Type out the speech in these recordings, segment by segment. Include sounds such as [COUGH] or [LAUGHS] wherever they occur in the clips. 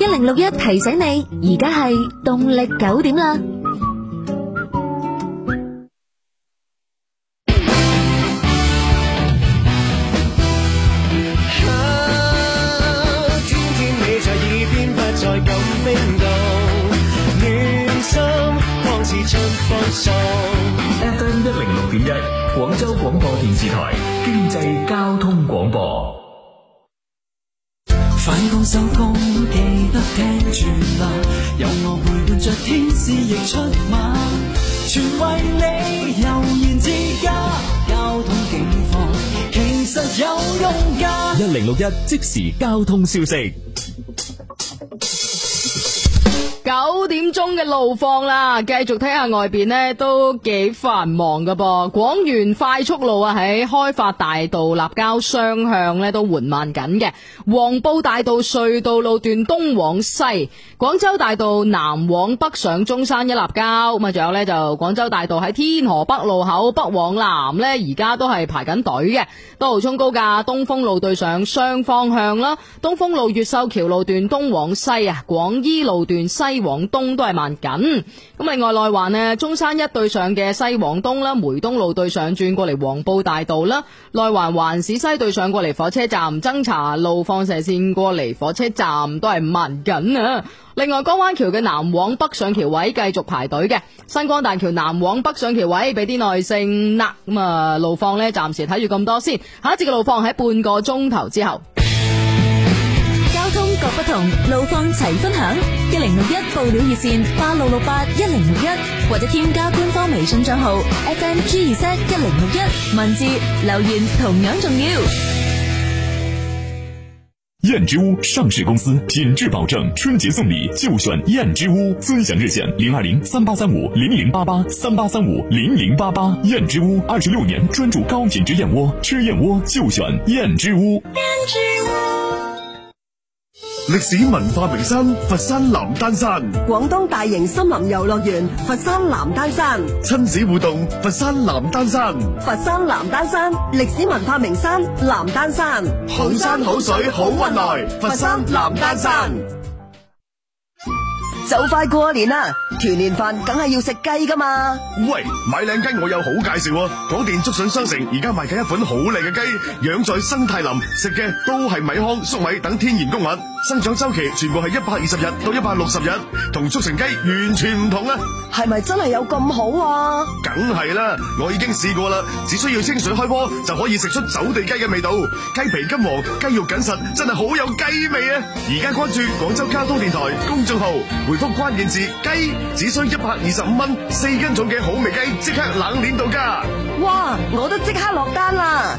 一零六一提醒你，而家係動力九點啦。零六一即時交通消息。九點鐘嘅路況啦，繼續睇下外邊咧都幾繁忙噶噃。廣園快速路啊喺開發大道立交雙向咧都緩慢緊嘅。黃埔大道隧道路段東往西，廣州大道南往北上中山一立交咁啊，仲有咧就廣州大道喺天河北路口北往南咧，而家都係排緊隊嘅。東濠涌高架東風路對上雙方向啦，東風路越秀橋路段東往西啊，廣醫路段西。往東都係慢緊，咁另外內環呢中山一對上嘅西往東啦，梅東路對上轉過嚟黃埔大道啦，內環環市西對上過嚟火車站，增槎路放射線過嚟火車站都係慢緊啊！另外江灣橋嘅南往北上橋位繼續排隊嘅，新光大橋南往北上橋位俾啲耐性啦，咁啊路況呢暫時睇住咁多先，下一節嘅路況喺半個鐘頭之後。通各不同，路況齊分享。一零六一報料熱線八六六八一零六一，8668, 1061, 或者添加官方微信賬號 F M G 二七一零六一，1061, 文字留言同樣重要。燕之屋上市公司，品質保證，春節送禮就選燕之屋。尊享熱線零二零三八三五零零八八三八三五零零八八。燕之屋二十六年專注高品質燕窩，吃燕窩就選燕之屋。燕之屋歷史文化名山佛山南丹山，廣東大型森林遊樂園佛山南丹山，親子互動佛山南丹山，佛山南丹山歷史文化名山南丹山，好山好水好運來佛山南丹山。就快過年啦，團年飯梗係要食雞噶嘛！喂，買靚雞我有好介紹啊，港電竹筍商城而家賣緊一款好靚嘅雞，養在生態林，食嘅都係米糠、粟米等天然谷物。生長週期全部係一百二十日到一百六十日，同速成雞完全唔同啊！係咪真係有咁好啊？梗係啦，我已經試過啦，只需要清水開鍋就可以食出走地雞嘅味道，雞皮金黃，雞肉緊實，真係好有雞味啊！而家關注廣州交通電台公眾號，回覆關鍵字雞，雞只需一百二十五蚊，四斤重嘅好味雞即刻冷鏈到家。哇！我都即刻落單啦！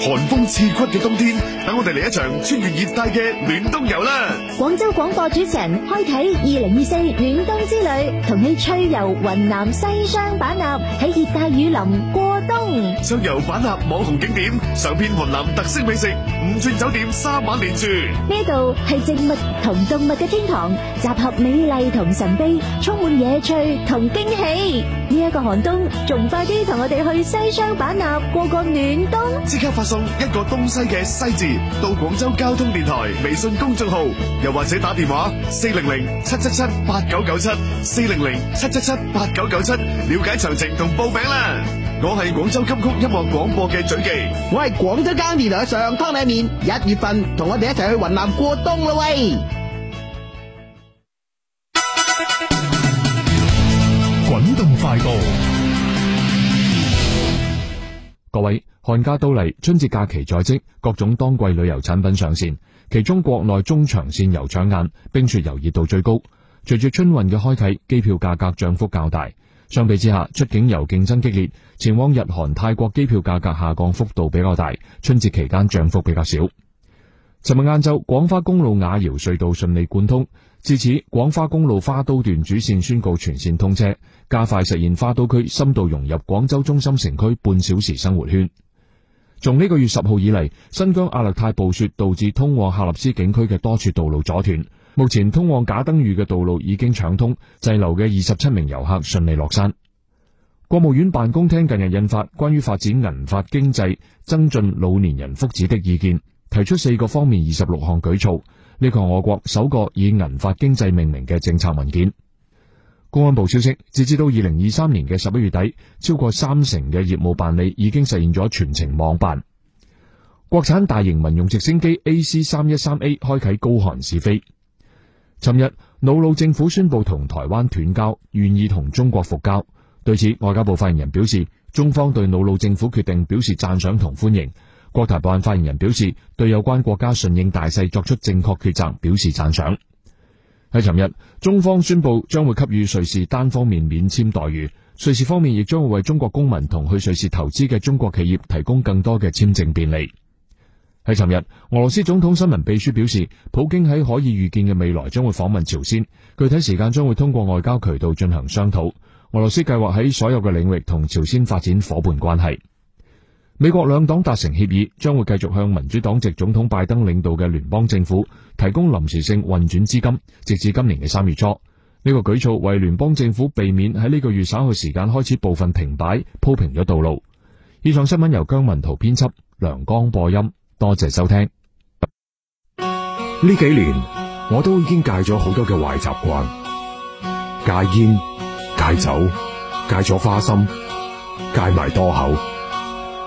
寒風刺骨嘅冬天，等我哋嚟一場穿越熱帶嘅暖冬遊啦！廣州廣播主持人開啟二零二四暖冬之旅，同你趣遊雲南西雙版納，喺熱帶雨林過冬，暢遊版納網紅景點，嘗遍雲南特色美食，五鑽酒店三晚連住。呢度係植物同動物嘅天堂，集合美麗同神秘，充滿野趣同驚喜。呢一個寒冬，仲唔快啲同我哋去西雙版納過個暖冬？即刻發！送一個東西嘅西字到廣州交通電台微信公眾號，又或者打電話四零零七七七八九九七四零零七七七八九九七，了解詳情同報名啦！我係廣州金曲音樂廣播嘅嘴記，我係廣州間電台嘅上湯拉麵，一月份同我哋一齊去雲南過冬啦喂！各位，寒假到嚟，春節假期在即，各種當季旅遊產品上線，其中國內中長線遊搶眼，冰雪遊熱度最高。隨住春運嘅開啟，機票價格漲幅較大。相比之下，出境遊競爭激烈，前往日韓、泰國機票價格下降幅度比較大，春節期間漲幅比較少。尋日晏晝，廣花公路雅瑤隧道順利貫通。至此，廣花公路花都段主線宣告全線通車，加快實現花都區深度融入廣州中心城區半小時生活圈。從呢個月十號以嚟，新疆阿勒泰暴雪導致通往喀納斯景區嘅多處道路阻斷，目前通往賈登峪嘅道路已經搶通，滯留嘅二十七名遊客順利落山。國務院辦公廳近日印發《關於發展銀髮經濟、增進老年人福祉的意見》，提出四個方面二十六項舉措。呢個係我國首個以銀髮經濟命名嘅政策文件。公安部消息，截至到二零二三年嘅十一月底，超過三成嘅業務辦理已經實現咗全程網辦。國產大型民用直升機 AC 三一三 A 開啟高寒試飛。尋日，瑙魯政府宣布同台灣斷交，願意同中國復交。對此，外交部發言人表示，中方對瑙魯政府決定表示讚賞同歡迎。國台辦發言人表示，對有關國家順應大勢作出正確抉擇表示贊賞。喺尋日，中方宣布將會給予瑞士單方面免簽待遇，瑞士方面亦將會為中國公民同去瑞士投資嘅中國企業提供更多嘅簽證便利。喺尋日，俄羅斯總統新聞秘書表示，普京喺可以預見嘅未來將會訪問朝鮮，具體時間將會通過外交渠道進行商討。俄羅斯計劃喺所有嘅領域同朝鮮發展伙伴關係。美國兩黨達成協議，將會繼續向民主黨籍總統拜登領導嘅聯邦政府提供臨時性運轉資金，直至今年嘅三月初。呢個舉措為聯邦政府避免喺呢個月稍後時間開始部分停擺鋪平咗道路。以上新聞由姜文圖編輯，梁江播音。多謝收聽。呢幾年我都已經戒咗好多嘅壞習慣，戒煙、戒酒、戒咗花心、戒埋多口。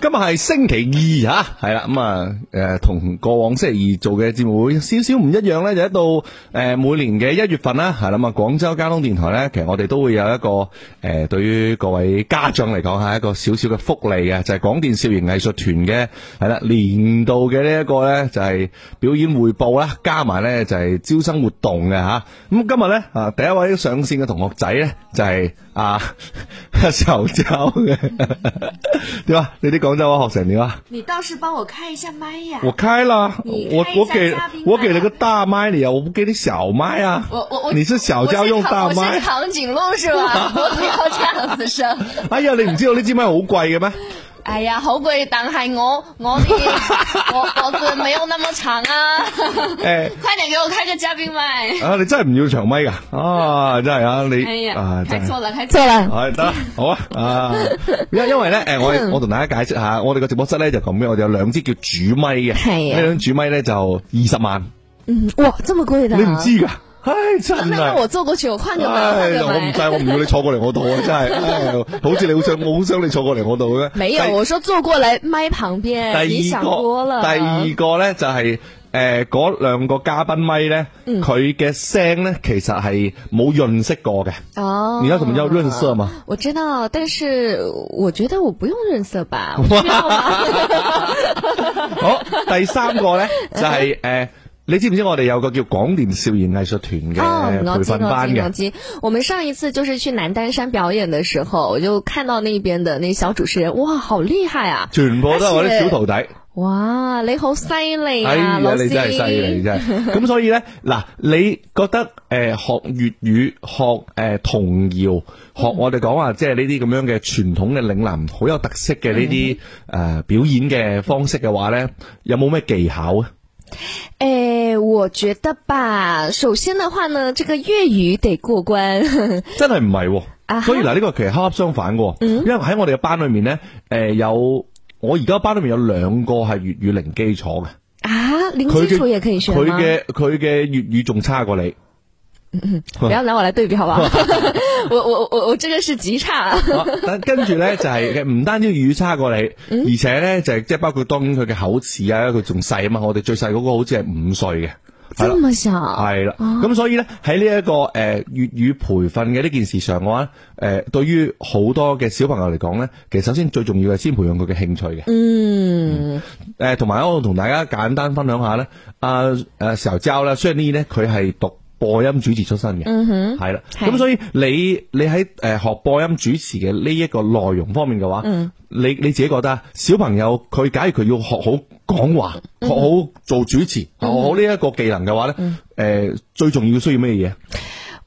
今日係星期二吓，係啦咁啊，誒，同過往星期二做嘅節目會少少唔一樣呢，就係到誒每年嘅一月份啦，係啦咁啊，廣州交通電台呢，其實我哋都會有一個誒，對於各位家長嚟講係一個少少嘅福利嘅，就係、是、廣電少年藝術團嘅係啦年度嘅呢一個呢，就係表演匯報啦，加埋呢就係招生活動嘅吓。咁今日呢，啊，第一位上線嘅同學仔呢，就係、是。啊，小嬌對吧？你啲廣州話好純啊！你倒是幫我開一下麥呀！我開了，我我給，我給了個大麥你啊，我不給你小麥啊！我我我，你是小嬌用大麥，我是,我是長頸鹿是吧？我只好這樣子說。 [LAUGHS] 哎呀，你唔知道呢支麥好貴嘅咩？哎呀，好貴，但係我我啲 [LAUGHS] 我我嘅沒有那麼長啊！誒、欸， [LAUGHS] 快點給我開個嘉賓咪？啊，你真係唔要長咪噶、啊，啊，真係啊，你，哎、啊，睇錯啦，睇錯啦，係得、啊，好啊，因、 [LAUGHS] 啊、因為咧，誒，我 [LAUGHS] 我同大家解釋下，我哋個直播室咧就咁樣，我哋有兩支叫主咪嘅，呢兩支主咪咧就二十萬。嗯，哇，咁貴到。你唔知噶？唉，真係我坐過去，我換個麥。我唔制， [LAUGHS] 我唔要你坐過嚟我度，我真係。好似你好想，我好想你坐過嚟我度嘅。沒有，我說坐過嚟咪旁邊。第二個，第二個咧就係、是、誒，嗰、呃、兩個嘉賓咪咧，佢、嗯、嘅聲咧其實係冇潤色過嘅。哦，你知道什麼叫潤色嗎？我知道，但是我覺得我不用潤色吧。我 [LAUGHS] [LAUGHS] 好，第三個咧就係、是、誒。呃你知唔知我哋有個叫廣電少年藝術團嘅培訓班嘅？哦，我知道，我知道。我們上一次就是去南丹山表演的時候，我就看到那邊的那小主持人，哇，好厲害啊！全部都係我啲小徒弟。哇，你好犀利啊，老、哎、師！你真係犀利，真係。咁 [LAUGHS] 所以呢嗱，你覺得誒、呃、學粵語、學誒、呃、童謠、學我哋講話，即係呢啲咁樣嘅傳統嘅嶺南好有特色嘅呢啲誒表演嘅方式嘅話呢有冇咩技巧啊？誒、欸，我覺得吧，首先的話呢，這個粵語得過關， [LAUGHS] 真係唔係，所以嗱，呢個其實恰恰相反嘅、哦嗯，因為喺我哋嘅班裏面呢，誒、呃，有我而家班裏面有兩個係粵語零基礎嘅，啊，零基礎也可以選，佢嘅佢嘅粵語仲差過你。嗯唔，不要拿我來對比，好唔好？我我我我，真係是極差 [LAUGHS] 、啊。跟跟住咧，就係、是、唔單止粵語差過你，嗯、而且咧就即、是、係包括，當然佢嘅口齒啊，佢仲細啊嘛。我哋最細嗰個好似係五歲嘅，咁啊細係啦。咁、啊嗯、所以咧喺呢一個誒、呃、粵語培訓嘅呢件事上嘅話，誒、呃、對於好多嘅小朋友嚟講咧，其實首先最重要係先培養佢嘅興趣嘅。嗯，誒、嗯，同、啊、埋我同大家簡單分享下咧，阿阿小洲啦，雖然呢，佢係讀。播音主持出身嘅，嗯哼，係啦，咁所以你你喺誒學播音主持嘅呢一個內容方面嘅話，嗯，你你自己覺得啊，小朋友佢假如佢要學好講話、嗯，學好做主持，嗯、學好呢一個技能嘅話咧，誒、嗯呃、最重要需要咩嘢？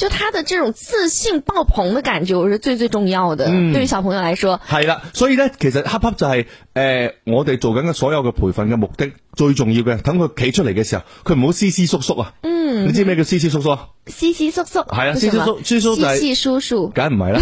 就他的這種自信爆棚的感覺，我是最最重要的、嗯。對於小朋友來說，係啦，所以咧，其實恰恰就係、是、誒、呃，我哋做緊嘅所有嘅培訓嘅目的，最重要嘅，等佢企出嚟嘅時候，佢唔好思思縮縮啊。嗯，你知咩叫思思縮縮啊？斯斯叔叔係啊，斯叔叔、朱叔叔、就是，斯叔叔，梗唔係啦。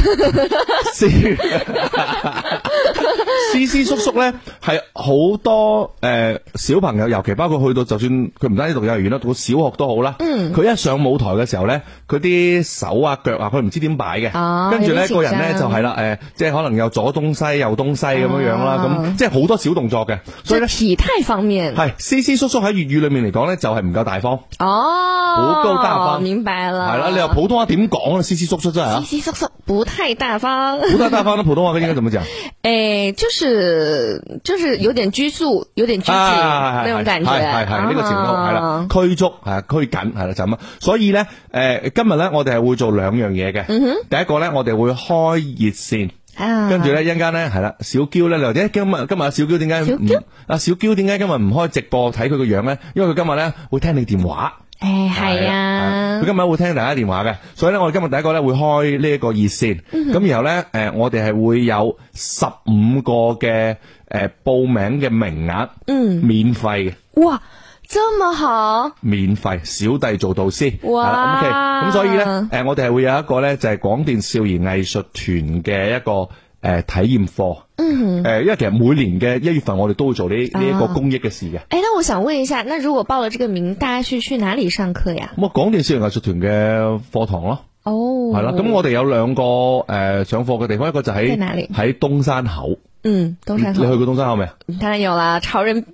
斯 [LAUGHS] 斯 [LAUGHS] 叔叔咧係好多誒、呃、小朋友，尤其包括去到就算佢唔單止讀幼兒園啦，讀小學都好啦。嗯，佢一上舞台嘅時候咧，佢啲手啊腳啊，佢唔知點擺嘅。哦，跟住咧個人咧就係、是、啦，誒、呃，即係可能有左東西右東西咁樣樣啦，咁、哦、即係好多小動作嘅。所以咧，以體態方面係斯斯叔叔喺粵語裏面嚟講咧，就係唔夠大方。哦，好高大方，明白。係、哎、啦，你話普通話點講啊？斯斯縮縮真係啊，斯斯縮縮不太大方，不太大方。咁普通話應該點樣講？誒、哎，就係，就係有點拘束，有點拘住、哎、呢種感覺。係、哎、係，呢、哎哎啊這個詞係啦，拘束係拘緊係啦，就咁。所以咧，誒、呃，今日咧，我哋係會做兩樣嘢嘅。嗯、哼，第一個咧，我哋會開熱線，啊、跟住咧一陣間咧係啦，小嬌咧，你話點？今日今日小嬌點解？小嬌，阿小嬌點解今日唔開直播睇佢個樣咧？因為佢今日咧會聽你電話。誒、嗯，係啊！佢、啊啊啊、今日會聽大家的電話嘅，所以咧，我哋今日第一個咧會開呢一個熱線，咁、嗯、然後咧，誒、呃，我哋係會有十五個嘅誒、呃、報名嘅名額，嗯，免費嘅。哇，這麼好！免費，小弟做導師。哇！OK，咁所以咧，誒、呃，我哋係會有一個咧，就係、是、廣電少兒藝術團嘅一個。誒、呃，體驗課，嗯，誒、呃，因為其實每年嘅一月份我哋都會做呢呢一個公益嘅事嘅。誒、哎，那我想問一下，那如果報了這個名，大家去去哪裡上課呀？我廣電少兒藝術團嘅課堂咯。哦，係啦，咁我哋有兩個誒、呃、上課嘅地方，一個就喺喺東山口。嗯，東山口。你，你去過東山口未？當然有啦，潮人。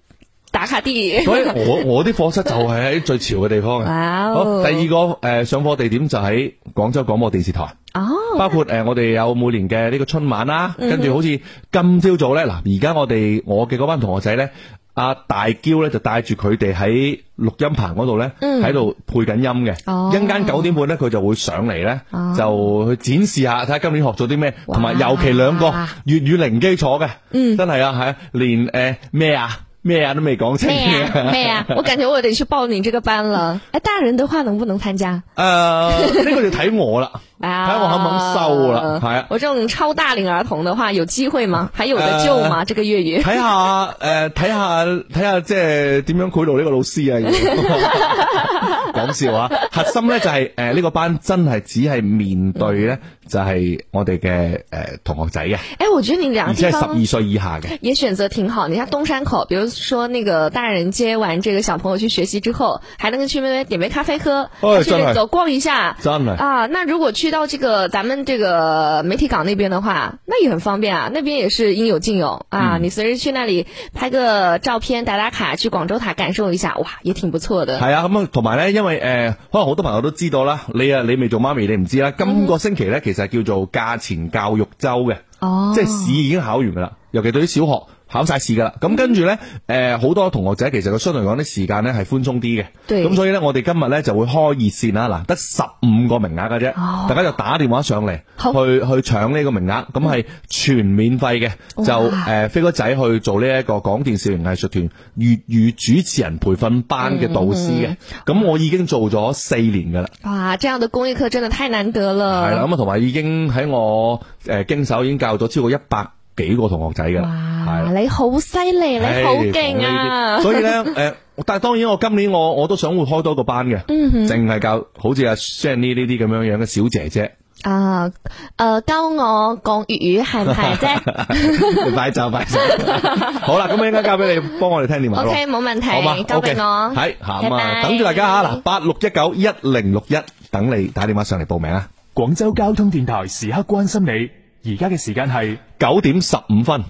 打卡啲嘢。 [LAUGHS] 所以我我啲課室就係喺最潮嘅地方。Wow. 好，第二個誒、呃、上課地點就喺廣州廣播電視台。哦、oh.，包括誒、呃、我哋有每年嘅呢個春晚啦，mm-hmm. 跟住好似今朝早咧，嗱而家我哋我嘅嗰班同學仔咧，阿、啊、大嬌咧就帶住佢哋喺錄音棚嗰度咧，喺、mm-hmm. 度配緊音嘅。哦、oh.，一陣間九點半咧，佢就會上嚟咧，oh. 就去展示下睇下今年學咗啲咩，同埋尤其兩個粵語零基礎嘅，嗯、mm-hmm.，真係啊，係連誒咩、呃、啊？咩啊都未講清，咩啊咩啊，啊啊 [LAUGHS] 我感覺我得去報你這個班啦。誒、哎，大人的話能不能參加？誒、呃，呢、那個就睇我啦。 [LAUGHS] 睇下我肯唔肯收啦，係、啊啊、我這種超大齡兒童的話，有機會嗎？還有得救嗎？呃、這個粵語？睇下誒，睇下睇下即係點樣賄賂呢個老師啊？講， [LAUGHS] 笑啊！核心咧就係誒呢個班真係只係面對咧就係、是、我哋嘅誒同學仔嘅。誒、欸，我覺得你兩個地方而且十二歲以下嘅，也選擇挺好。你睇東山口，比如說那個大人接完這個小朋友去學習之後，還能去咩咩點杯咖啡喝，去、欸、走逛一下。真嘅啊，那如果去。去到這個，咱們這個媒體港那邊的話，那也很方便啊，那邊也是應有盡有、嗯、啊，你隨時去那裏拍個照片、打打卡，去廣州塔感受一下，哇，也挺不錯的。係啊，咁啊，同埋咧，因為誒、呃，可能好多朋友都知道啦，你啊，你未做媽咪，你唔知啦，今個星期咧，其實係叫做價錢教育周嘅。哦，即係試已經考完噶啦，尤其對於小學。考晒試噶啦，咁跟住呢，誒、呃，好多同學仔其實佢相對講啲時間呢係寬鬆啲嘅，咁所以呢，我哋今日呢就會開熱線啦，嗱，得十五個名額㗎啫，大家就打電話上嚟去去搶呢個名額，咁、嗯、係全免費嘅，就誒飛、呃、哥仔去做呢一個廣電少兒藝術團粵語主持人培訓班嘅導師嘅，咁、嗯嗯、我已經做咗四年噶啦。哇，這樣的公益課真的太難得了。係啦，咁同埋已經喺我誒、呃、經手已經教咗超過一百。幾個同學仔嘅。係你好犀利，你好勁、哎、啊！所以咧，誒、呃，但係當然，我今年我我都想會開多一個班嘅，淨、嗯、係教好似阿 Shany 呢啲咁樣樣嘅小姐姐啊，誒、呃呃，教我講粵語係唔係啫？唔使就唔好啦，咁我應該交俾你幫我哋聽電話。O K，冇問題，交俾我，係、okay, okay，吓嘛，等住大家吓嗱，八六一九一零六一，等你打電話上嚟報名啊！廣州交通電台，時刻關心你。而家嘅時間係九點十五分。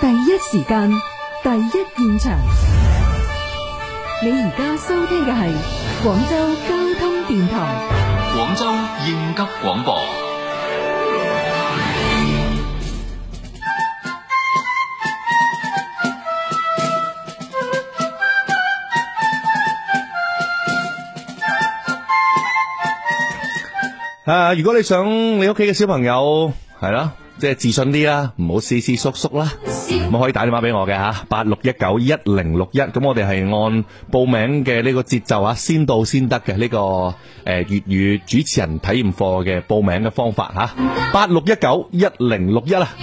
第一時間，第一現場。你而家收聽嘅係廣州交通電台，廣州應急廣播。誒、啊，如果你想你屋企嘅小朋友係啦、啊，即係自信啲啦，唔好思思縮縮啦，咁可以打電話俾我嘅吓，八六一九一零六一，咁我哋係按報名嘅呢個節奏啊，先到先得嘅呢、這個誒粵、呃、語主持人體驗課嘅報名嘅方法吓，八六一九一零六一啊。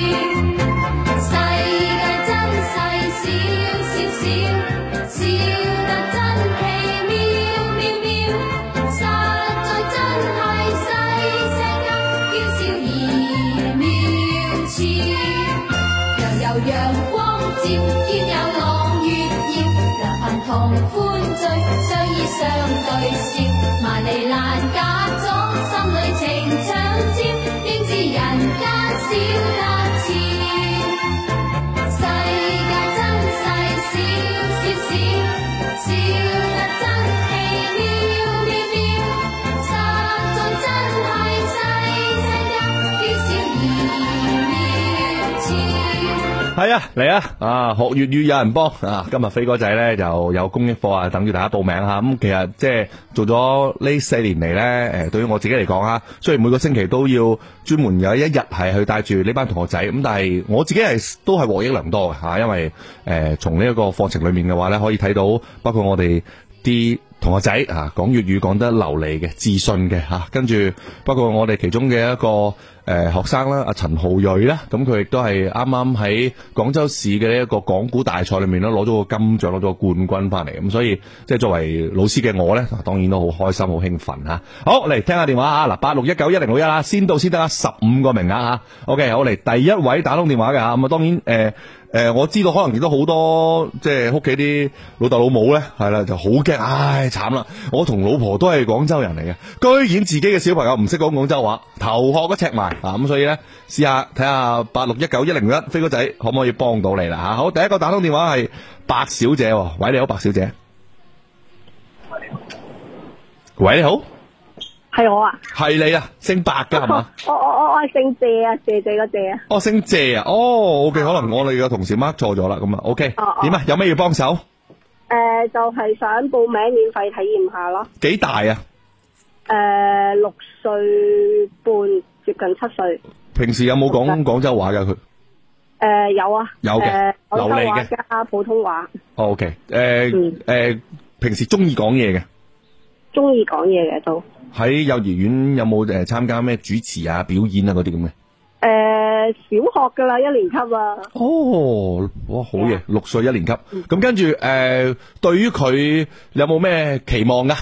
天有朗月耀，良朋同歡聚，相依相對笑，萬里難隔阻，心裏情長照，應知人間少。係啊，嚟啊！啊，學粵語有人幫啊！今日飛哥仔呢就有，有公益課啊，等住大家報名吓。咁、啊嗯、其實即係、就是、做咗呢四年嚟呢，誒、欸，對於我自己嚟講啊，雖然每個星期都要專門有一日係去帶住呢班同學仔，咁、嗯、但係我自己係都係獲益良多嘅吓、啊，因為誒，從呢一個課程裏面嘅話呢，可以睇到，包括我哋啲同學仔啊，講粵語講得流利嘅、自信嘅吓，跟、啊、住包括我哋其中嘅一個。誒，學生啦，阿陳浩銳啦，咁佢亦都係啱啱喺廣州市嘅呢一個港股大賽裏面咧，攞咗個金獎，攞咗個冠軍翻嚟，咁所以即係作為老師嘅我呢，當然都好開心，好興奮吓。好，嚟聽下電話吓，嗱，八六一九一零六一啦，先到先得啦，十五個名額啊。OK，好嚟第一位打通電話嘅吓，咁啊，當然誒。呃誒、呃，我知道可能亦都好多即係屋企啲老豆老母呢，係啦就好驚，唉慘啦！我同老婆都係廣州人嚟嘅，居然自己嘅小朋友唔識講廣州話，頭殼都赤埋啊！咁所以呢，試下睇下八六一九一零一飛哥仔可唔可以幫到你啦吓？好，第一個打通電話係白小姐，喂，你好，白小姐，喂，你好。喂，你好係我啊！係你啊！姓白噶係嘛？我我我我姓謝啊！謝謝個謝啊！哦，姓謝啊！哦，OK，可能我哋嘅同事 mark 錯咗啦，咁啊，OK。哦哦。點啊？有咩要幫手？誒，就係想報名免費體驗下咯。幾大啊？誒，六歲半，接近七歲。平時有冇講廣州話噶？佢誒有啊，有嘅，流利嘅加普通話。OK，誒誒，平時中意講嘢嘅，中意講嘢嘅都。喺幼兒園有冇誒參加咩主持啊表演啊嗰啲咁嘅？誒、呃，小學噶啦，一年級啊。哦，哇，好嘢，六、yeah. 歲一年級。咁跟住誒、呃，對於佢有冇咩期望噶、啊？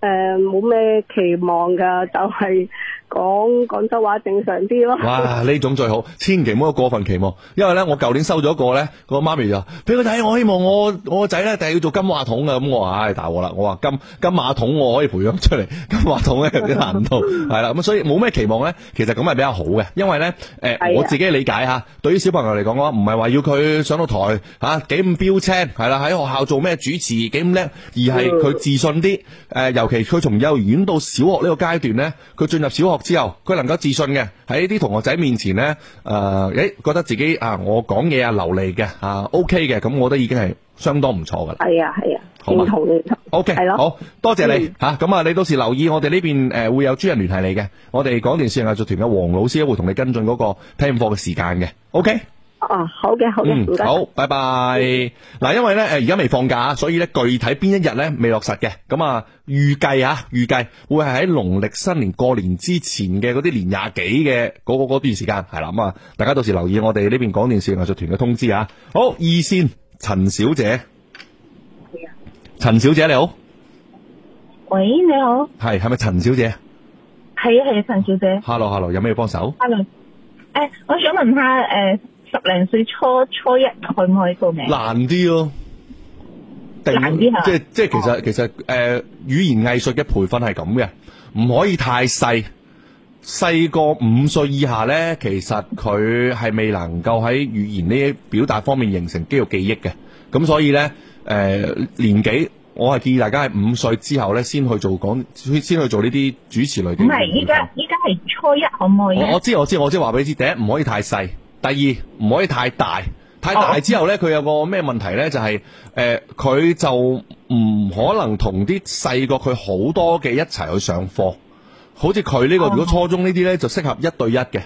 誒、呃，冇咩期望噶，就係、是。講廣州話正常啲咯， [LAUGHS] 哇呢種最好，千祈唔好過分期望，因為咧我舊年收咗一個咧， [LAUGHS] 個媽咪就俾佢睇，我希望我我個仔咧，第係要做金話筒嘅，咁我話唉，大鑊啦，我話、哎、金金馬桶我可以培養出嚟，金話筒咧有啲難度係啦，咁 [LAUGHS] 所以冇咩期望咧，其實咁係比較好嘅，因為咧誒、呃、 [LAUGHS] 我自己理解吓，對於小朋友嚟講啊，唔係話要佢上到台吓幾咁標青係啦，喺學校做咩主持幾咁叻，而係佢自信啲，誒、 [LAUGHS] 呃、尤其佢從幼兒園到小學呢個階段咧，佢進入小學。之後佢能夠自信嘅喺啲同學仔面前呢，誒、呃欸，覺得自己啊，我講嘢啊流利嘅啊，OK 嘅，咁我覺得已經係相當唔錯噶啦。係啊，係啊。好嘛。O K。係、okay, 咯。好多謝你吓，咁、嗯、啊，你到時留意我哋呢邊誒會有專人聯繫你嘅，我哋廣電事業藝術團嘅黃老師會同你跟進嗰個聽課嘅時間嘅。O K。哦，好嘅，好嘅、嗯，好，拜拜。嗱、嗯，因為咧，誒，而家未放假，所以咧，具體邊一日咧未落實嘅，咁啊，預計啊，預計會係喺農曆新年過年之前嘅嗰啲年廿幾嘅嗰個嗰段時間係啦。咁啊，大家到時留意我哋呢邊廣電視藝術團嘅通知啊。好，二線陳小姐，陳小姐你好，喂，你好，係係咪陳小姐？係係陳小姐。Hello，Hello，hello, 有咩要幫手？Hello，誒、uh,，我想問下誒。Uh, 十零歲初初一可唔可以報名？難啲咯、啊，難啲係、啊、即係即係、啊，其實其實，誒、呃，語言藝術嘅培訓係咁嘅，唔可以太細。細過五歲以下咧，其實佢係未能夠喺語言呢表達方面形成肌肉記憶嘅。咁所以咧，誒、呃、年紀，我係建議大家係五歲之後咧先去做講，先去做呢啲主持類嘅。唔係，依家依家係初一，可唔可以？我知我知，我即係話俾你知，第一唔可以太細。第二，唔可以太大，太大之後呢，佢有個咩問題呢？就係、是、誒，佢、呃、就唔可能同啲細個佢好多嘅一齊去上課，好似佢呢個、嗯、如果初中呢啲呢，就適合一對一嘅、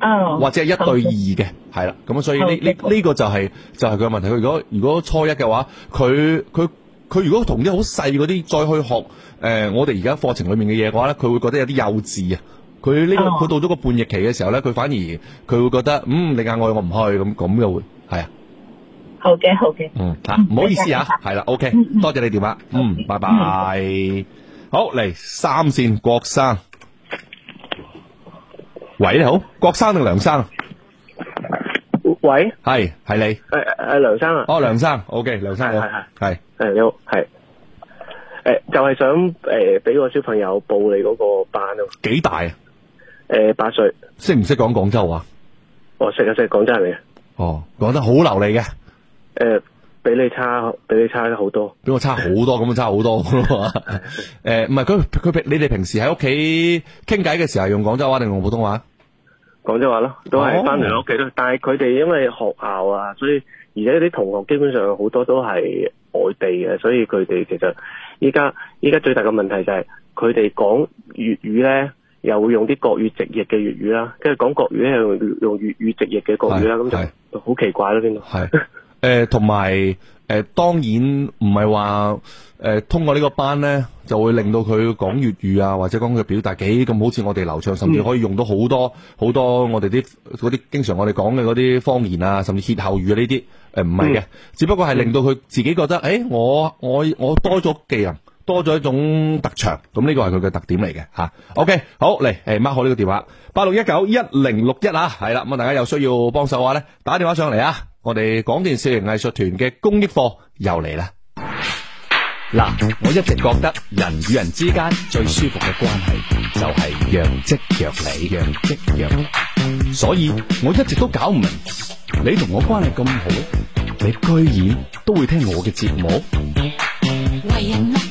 哦，或者係一對二嘅，係啦。咁所以呢呢呢個就係、是、就係佢嘅問題。佢如果如果初一嘅話，佢佢佢如果同啲好細嗰啲再去學誒、呃，我哋而家課程裏面嘅嘢嘅話呢，佢會覺得有啲幼稚啊。佢呢個佢到咗個叛逆期嘅時候咧，佢反而佢會覺得，嗯，你嗌我我唔去咁咁嘅會係啊。好嘅，好嘅。嗯吓，唔好意思吓，係啦，OK，多謝你電話。嗯，拜拜。好，嚟三綫郭生。喂，你好，郭生定梁生？喂，係係你。誒誒，梁生啊。哦，梁生，OK，梁生。係係係。係你好，係。誒，就係想誒，俾個小朋友報你嗰個班啊。幾大啊？誒、呃，八歲識唔識講廣州話？我、哦、識啊，識廣州人嚟嘅。哦，講得好流利嘅。誒、呃，比你差，比你差得好多。比我差好多，咁啊差好多誒，唔 [LAUGHS] 係、嗯，佢佢你哋平時喺屋企傾偈嘅時候用廣州話定用普通話？廣州話咯，都係翻嚟屋企都。但係佢哋因為學校啊，所以而家啲同學基本上好多都係外地嘅，所以佢哋其實依家依家最大嘅問題就係佢哋講粵語咧。又會用啲國語直譯嘅粵語啦，跟住講國語又用用粵語直譯嘅國語啦，咁就好奇怪咯，邊度？係誒，同埋誒，當然唔係話通過呢個班呢，就會令到佢講粵語啊，或者講佢表達幾咁好似我哋流暢、嗯，甚至可以用到好多好多我哋啲嗰啲經常我哋講嘅嗰啲方言啊，甚至歇後語啊呢啲唔係嘅，只不過係令到佢自己覺得，誒、嗯欸、我我我多咗技能。多咗一種特長，咁呢個係佢嘅特點嚟嘅吓。OK，好嚟誒，mark 好呢個電話八六一九一零六一啊，係啦。咁啊，大家有需要幫手話咧，打電話上嚟啊。我哋廣電小型藝術團嘅公益課又嚟啦。嗱、啊，我一直覺得人與人之間最舒服嘅關係就係讓即弱，你，讓即弱。所以我一直都搞唔明，你同我關係咁好，你居然都會聽我嘅節目。為人。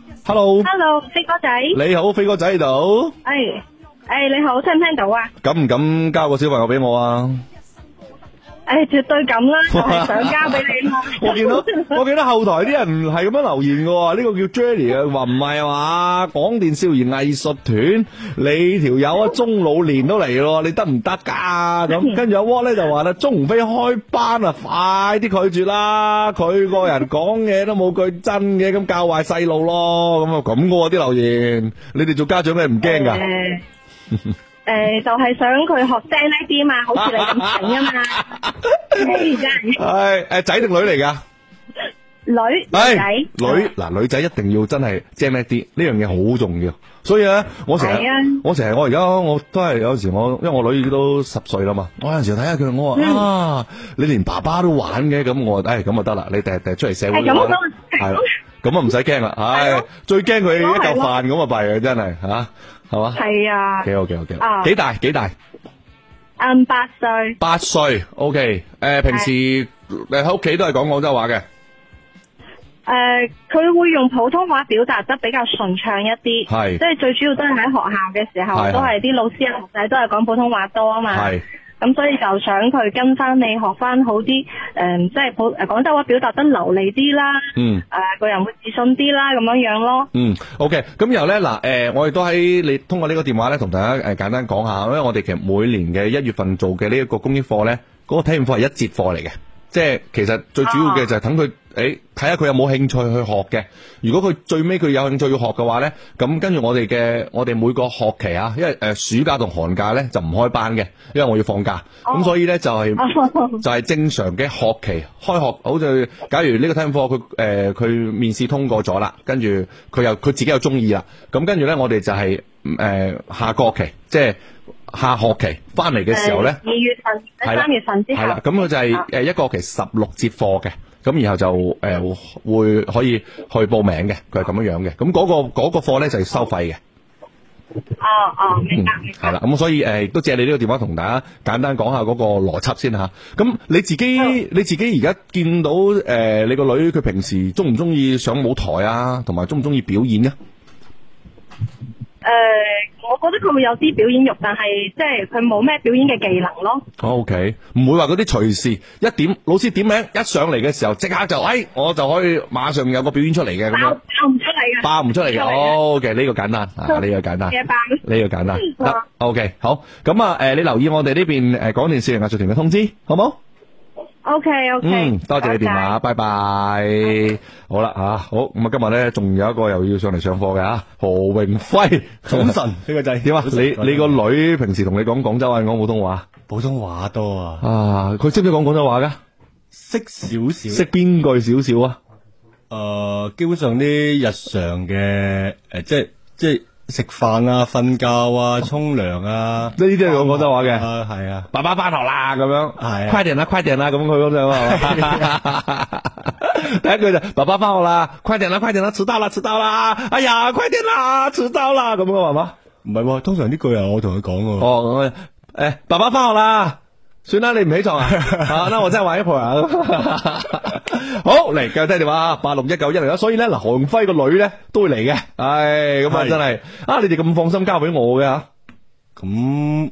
hello，hello，Hello，飛哥仔，你好，飛哥仔喺度，哎，哎，你好，聽唔聽到啊？敢唔敢交個小朋友俾我啊？誒、哎、絕對咁啦，我、就是、想交俾你啦！我見到， [LAUGHS] 我見到後台啲人係咁樣留言嘅喎。呢、這個叫 Jenny 啊，話唔係啊嘛，廣電少年藝術團，你條友啊中老年都嚟咯，你得唔得㗎？咁跟住阿個咧就話啦、嗯，鍾鴻飛開班啊，快啲拒絕啦！佢個人講嘢都冇句真嘅，咁教壞細路咯，咁啊咁喎啲留言，你哋做家長咩唔驚㗎？嗯 [LAUGHS] 誒、呃，就係、是、想佢學精叻啲嘛，好似你咁蠢啊嘛，係咪先？係、啊、誒，仔、啊、定、啊啊 [LAUGHS] 哎呃、女嚟噶？女仔、哎、女嗱、呃呃，女仔一定要真係精叻啲，呢樣嘢好重要。所以咧，我成日、啊、我成日我而家我，我都係有時候我，因為我女都十歲啦嘛，我有陣時睇下佢，我話、嗯、啊，你連爸爸都玩嘅，咁我誒咁就得啦，你第日第日出嚟社會啦，係。 [LAUGHS] 咁啊，唔使驚啦，唉，最驚佢一嚿飯咁啊弊啊，真係吓，係嘛？係啊，幾好幾好幾好，幾大幾大？嗯，八歲。八歲，OK。誒，平時你喺屋企都係講廣州話嘅？誒，佢會用普通話表達得比較順暢一啲，係，即係最主要都係喺學校嘅時候，都係啲老師啊，同學仔都係講普通話多啊嘛，係。咁、嗯、所以就想佢跟翻你學翻好啲，誒、嗯，即係普廣州話表達得流利啲啦。嗯。誒、啊，個人會自信啲啦，咁樣樣咯。嗯，OK。咁然後呢，咧，嗱，我亦都喺你通過呢個電話咧，同大家誒、呃、簡單講下，因為我哋其實每年嘅一月份做嘅呢一個公益課咧，嗰、那個體驗課係一節課嚟嘅。即係其實最主要嘅就係等佢，誒，睇下佢有冇興趣去學嘅。如果佢最尾佢有興趣要學嘅話呢，咁跟住我哋嘅我哋每個學期啊，因為誒暑假同寒假呢就唔開班嘅，因為我要放假，咁所以呢，就係、是、就係、是、正常嘅學期開學。好似假如呢個聽課佢誒佢面試通過咗啦，跟住佢又佢自己又中意啦，咁跟住呢，我哋就係、是、誒、呃、下個學期即係。下學期翻嚟嘅時候呢，二月份三月份之後，係啦，咁佢就係誒一個學期十六節課嘅，咁然後就誒、呃、會可以去報名嘅，佢係咁樣樣嘅。咁、那、嗰個嗰、那個課咧就要、是、收費嘅。哦哦，明白。係、嗯、啦，咁所以誒、呃、都借你呢個電話同大家簡單講下嗰個邏輯先吓。咁、啊、你自己、哦、你自己而家見到誒、呃、你個女佢平時中唔中意上舞台啊，同埋中唔中意表演嘅、啊？誒、uh，我覺得佢會有啲表演欲，但係即係佢冇咩表演嘅技能咯。O K，唔會話嗰啲隨時一點老師點名一上嚟嘅時候，即刻就誒、哎，我就可以馬上有個表演出嚟嘅咁樣。爆唔出嚟嘅？爆唔出嚟嘅。O K，呢個簡單啊，呢個簡單。呢個簡單。呢個簡單。O K，好。咁啊，誒，你留意我哋呢邊誒，廣電視藝術團嘅通知，好冇？O K O K，多謝你電話，拜拜。拜拜 okay。好啦嚇、啊，好，咁啊，今日咧仲有一個又要上嚟上課嘅嚇、啊，何榮輝早晨，呢 [LAUGHS] 個仔點啊？你你個女平時同你講廣州話定講普通話？普通話多啊。啊，佢識唔識講廣州話㗎？識少少。識邊句少少啊？誒、呃，基本上啲日常嘅誒、呃，即係即係。食飯啊，瞓覺啊，沖涼啊，呢啲係我講廣州話嘅。係啊，爸爸翻學啦，咁樣係。快點啦、啊，快點啦、啊，咁佢咁樣。 [LAUGHS] [LAUGHS] 第一句就：「爸爸翻學啦，快點啦、啊，快點啦、啊，遲到啦遲到啦，哎呀，快啲啦、啊，遲到啦，咁個寶寶。唔係，通常呢句係我同佢講噶。哦，誒、嗯哎，爸爸翻學啦。算啦，你唔起床啊？啊， [LAUGHS] [LAUGHS] 我真係玩一盤啊！好嚟，繼續聽電話，八六一九一零一。861910, 所以咧，嗱，韓輝個女咧都會嚟嘅，唉，咁啊，真係啊！你哋咁放心交俾我嘅，咁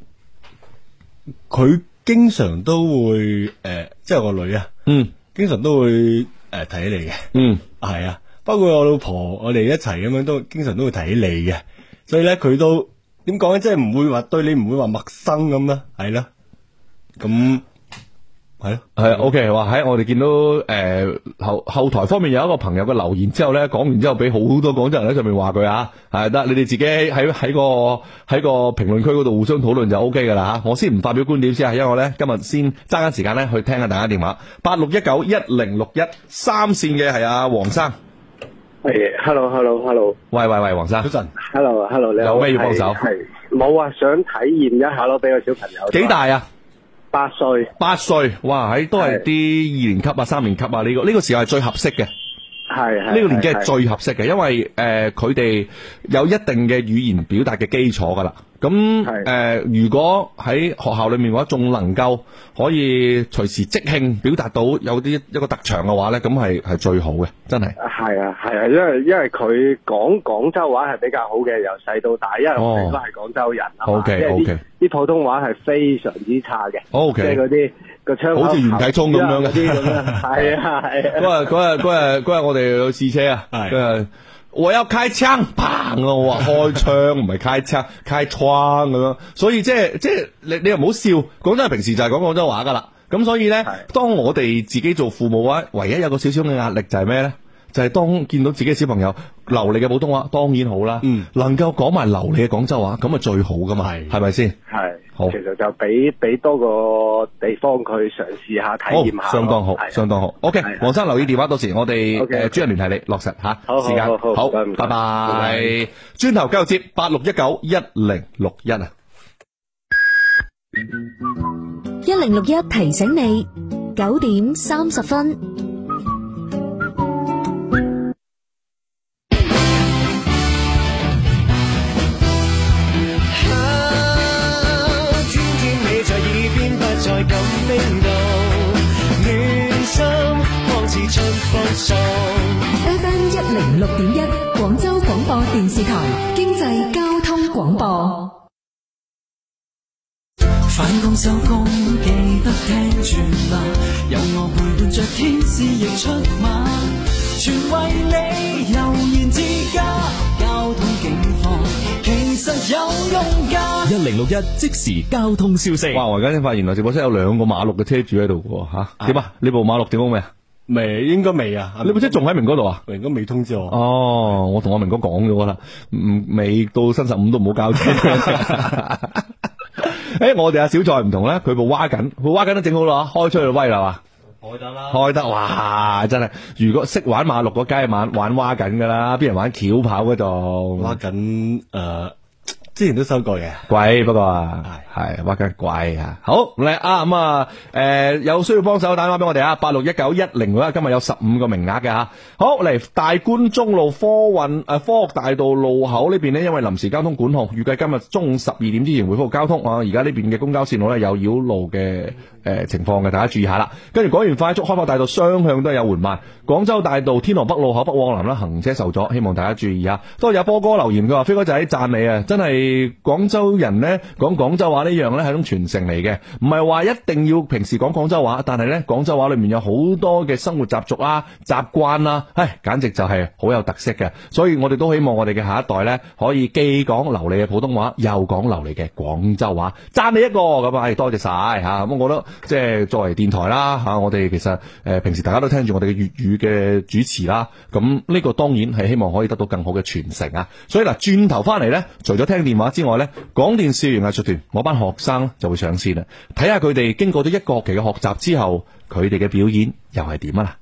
佢經常都會誒，即、呃、係、就是、我女啊，嗯，經常都會誒睇、呃、你嘅，嗯，係啊，包括我老婆，我哋一齊咁樣都經常都會睇你嘅，所以咧，佢都點講咧，即係唔會話對你唔會話陌生咁啦，係啦、啊。咁係係 O K。話喺、嗯 okay, 我哋見到誒、呃、後後台方面有一個朋友嘅留言之後咧，講完之後俾好多廣州人喺上面話佢啊，係得你哋自己喺喺個喺個評論區嗰度互相討論就 O K 噶啦吓。我先唔發表觀點先，因為我咧今日先爭緊時間咧去聽一下大家電話八六一九一零六一三綫嘅，係阿黃生，係、hey, Hello Hello Hello，喂喂喂，黃生早晨，Hello Hello，你好，有咩要幫手？係、hey, 冇、hey. 啊，想體驗一下咯，俾個小朋友幾大啊？八歲，八歲，哇喺都係啲二年級啊、三年級啊呢個呢個時候係最合適嘅。係，呢個年紀係最合適嘅，因為誒佢哋有一定嘅語言表達嘅基礎噶啦。咁誒，如果喺學校裏面話仲能夠可以隨時即興表達到有啲一個特長嘅話咧，咁係係最好嘅，真係。係啊係啊，因為因為佢講廣州話係比較好嘅，由細到大，因為我哋都係廣州人啊嘛。即係啲啲普通話係非常之差嘅。Okay。好似袁啟聰咁樣嘅， [LAUGHS] 係啊係啊。嗰日嗰日嗰日嗰日我哋去試車啊，佢話我要開槍，嘭！ [LAUGHS] 我話開槍唔係開槍， [LAUGHS] 開窗咁樣。所以即係即係你你又唔好笑。講真，平時就係講廣州話噶啦。咁所以咧、啊，當我哋自己做父母啊，唯一有一個少少嘅壓力就係咩咧？就係當見到自己嘅小朋友流利嘅普通話，當然好啦。嗯，能夠講埋流利嘅廣州話，咁啊最好噶嘛。係，係咪先？係，好。其實就俾俾多個地方佢嘗試下，體驗下咯。好，相當好，相當好。OK，黃生留意電話，到時我哋誒專人聯繫你落實吓。好，時間好，拜拜。係轉頭交接八六一九一零六一啊！一零六一提醒你，九點三十分。FM 一零六點一，廣州廣播電視台經濟交通廣播。返工收工記得聽住啦，有我陪伴着，天使亦出馬，全為你悠然自得。交通警方其實有用噶。一零六一即時交通消息。哇，我而家先發現，原來直播室有兩個馬六嘅車主喺度嘅吓，點啊？你部馬六點好咩啊？未應該未啊，你部車仲喺明哥度啊？明哥未通知我。哦，我同阿明哥講咗啦，唔未到新十五都唔好交車。誒、 [LAUGHS] [LAUGHS] [LAUGHS] 欸，我哋阿小蔡唔同咧，佢部挖緊，佢挖緊都整好啦，開出去威啦嘛？開得啦。開得哇，真係！如果識玩馬六嗰街玩玩挖緊噶啦，邊人玩轎跑嗰度？挖緊誒。呃之前都收過嘅，貴不過啊，係、嗯、係，哇梗係貴啊，好嚟啊，咁啊，誒有需要幫手打電話俾我哋啊，八六一九一零，今日有十五個名額嘅吓，好嚟大觀中路科運誒科學大道路口呢邊呢，因為臨時交通管控，預計今日中午十二點之前恢復交通啊，而家呢邊嘅公交線路咧有繞路嘅。嗯誒，情況嘅，大家注意一下啦。跟住果園快速開發大道雙向都有緩慢，廣州大道天河北路口北往南啦，行車受阻，希望大家注意一下。都有波哥留言，佢話飛哥仔讚你啊，真係廣州人呢講廣州話呢樣呢係種傳承嚟嘅，唔係話一定要平時講廣州話，但係呢廣州話裏面有好多嘅生活習俗啊、習慣啦，唉，簡直就係好有特色嘅。所以我哋都希望我哋嘅下一代呢，可以既講流利嘅普通話，又講流利嘅廣州話，讚你一個咁啊，多謝晒吓。咁、啊、我都即係作為電台啦吓、啊、我哋其實誒、呃、平時大家都聽住我哋嘅粵語嘅主持啦，咁、啊、呢、這個當然係希望可以得到更好嘅傳承啊。所以嗱，轉頭翻嚟咧，除咗聽電話之外咧，廣電少年藝術團我班學生就會上線啦，睇下佢哋經過咗一個學期嘅學習之後，佢哋嘅表演又係點啊啦。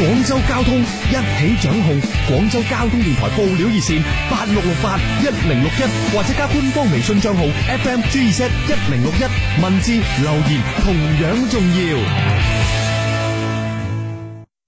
廣州交通一起掌控，廣州交通電台報料熱線八六六八一零六一，或者加官方微信賬號 FMGZ 一零六一，FM-GZ-1061，文字留言同樣重要。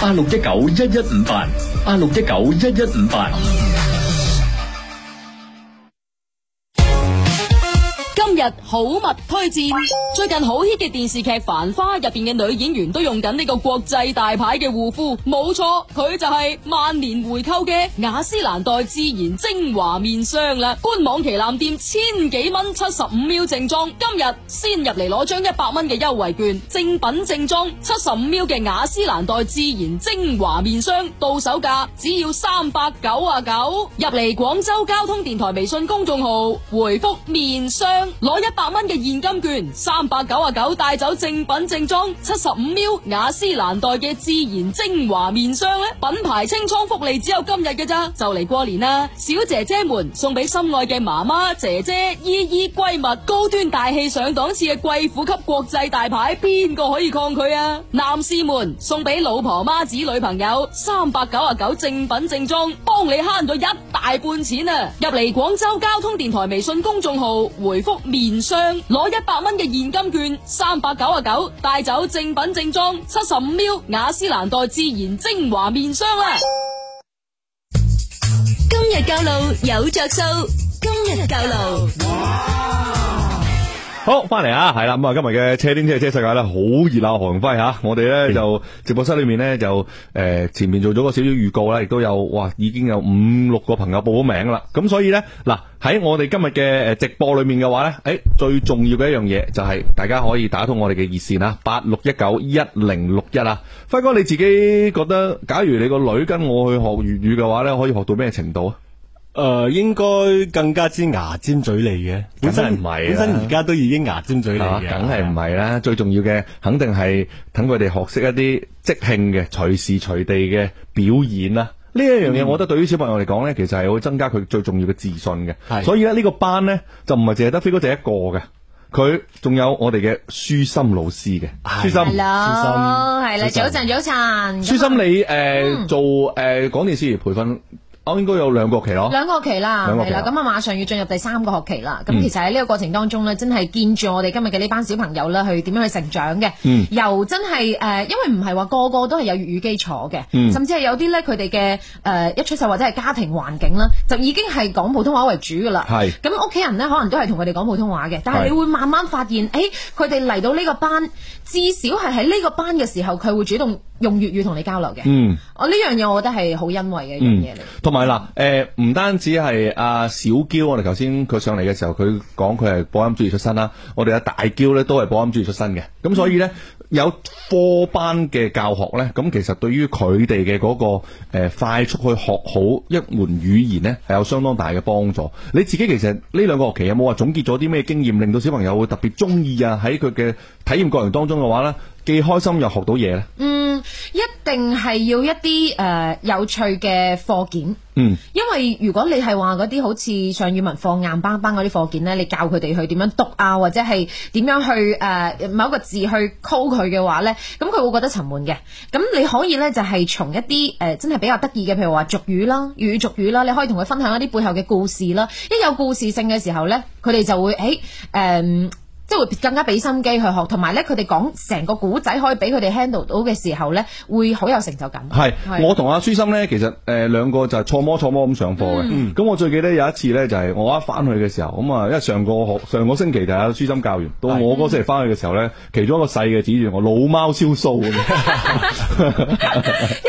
八六一九一一五八，八六一九一一五八。好物推薦，最近好 hit 嘅電視劇《繁花》入邊嘅女演員都用緊呢個國際大牌嘅護膚，冇錯，佢就係萬年回購嘅雅詩蘭黛自然精華面霜啦。官網旗艦店千幾蚊七十五秒正裝，今日先入嚟攞張一百蚊嘅優惠券，正品正裝七十五秒嘅雅詩蘭黛自然精華面霜，到手價只要三百九十九。入嚟廣州交通電台微信公眾號回覆面霜。攞一百蚊嘅現金券，三百九十九帶走正品正裝，七十五秒雅詩蘭黛嘅自然精華面霜呢品牌清倉福利只有今日嘅咋，就嚟過年啦！小姐姐們送俾心愛嘅媽媽、姐姐、姨姨閨蜜，高端大氣上檔次嘅貴婦級國際大牌，邊個可以抗拒啊？男士們送俾老婆、媽子、女朋友，三百九十九正品正裝，幫你慳咗一大半錢啊！入嚟廣州交通電台微信公眾號回覆面。面霜攞一百蚊嘅現金券，三百九十九帶走正品正裝，七十五 ml 雅詩蘭黛自然精華面霜啦，啊！今日教路有着數，今日教路。哇好，翻嚟啊，係啦，咁啊，今日嘅車天車地車世界咧，好熱鬧，何輝吓，我哋咧就、嗯、直播室裏面咧就誒、呃，前面做咗個少少預告啦，亦都有哇，已經有五六個朋友報咗名啦，咁所以咧，嗱喺我哋今日嘅誒直播裏面嘅話咧，誒、哎、最重要嘅一樣嘢就係大家可以打通我哋嘅熱線啊，八六一九一零六一啊，輝哥你自己覺得，假如你個女跟我去學粵語嘅話咧，可以學到咩程度啊？誒、呃，應該更加之牙尖嘴利嘅，本身本身而家都已經牙尖嘴利梗係唔係啦。最重要嘅，肯定係等佢哋學識一啲即興嘅、隨、嗯、時隨地嘅表演啦。呢一樣嘢，我覺得對於小朋友嚟講咧，其實係會增加佢最重要嘅自信嘅。所以咧，呢個班咧就唔係淨係得飛哥仔一個嘅，佢仲有我哋嘅舒心老師嘅。舒心，舒心，係啦，早晨，早晨。舒心你，你、嗯、誒、呃、做誒廣、呃、電事業培訓。我應該有兩個學期咯，兩個學期啦，係啦。咁啊，馬上要進入第三個學期啦。咁、嗯、其實喺呢個過程當中呢，真係見住我哋今日嘅呢班小朋友呢，去點樣去成長嘅。又、嗯、真係誒、呃，因為唔係話個個都係有粵語基礎嘅、嗯，甚至係有啲呢，佢哋嘅誒一出世或者係家庭環境啦，就已經係講普通話為主噶啦。咁，屋企人呢，可能都係同佢哋講普通話嘅，但係你會慢慢發現，誒，佢哋嚟到呢個班，至少係喺呢個班嘅時候，佢會主動。用粵語同你交流嘅，嗯，我呢樣嘢我覺得係好欣慰嘅一樣嘢嚟。同埋嗱，誒，呃，唔單止係阿小嬌，我哋頭先佢上嚟嘅時候，佢講佢係播音專業出身啦。我哋阿大嬌咧都係播音專業出身嘅，咁所以呢，有科班嘅教學呢。咁其實對於佢哋嘅嗰個快速去學好一門語言呢，係有相當大嘅幫助。你自己其實呢兩個學期有冇話總結咗啲咩經驗，令到小朋友會特別中意啊？喺佢嘅體驗過程當中嘅話呢。既開心又學到嘢咧，嗯，一定係要一啲誒、呃、有趣嘅課件，嗯，因為如果你係話嗰啲好似上語文課硬邦邦嗰啲課件呢，你教佢哋去點樣讀啊，或者係點樣去誒、呃、某個字去 call 佢嘅話呢，咁佢會覺得沉悶嘅。咁你可以呢，就係從一啲誒真係比較得意嘅，譬如話俗語啦、粵語俗語啦，你可以同佢分享一啲背後嘅故事啦。一有故事性嘅時候呢，佢哋就會誒誒。欸呃都會更加俾心機去學，同埋咧，佢哋講成個古仔可以俾佢哋 handle 到嘅時候咧，會好有成就感。係，我同阿舒心咧，其實誒兩、呃、個就係挫魔挫魔咁上課嘅。咁、嗯、我最記得有一次咧，就係、是、我一翻去嘅時候，咁啊，因為上個學上個星期就係阿舒心教完，到我嗰時翻去嘅時候咧，其中一個細嘅指住我老貓燒鬚，因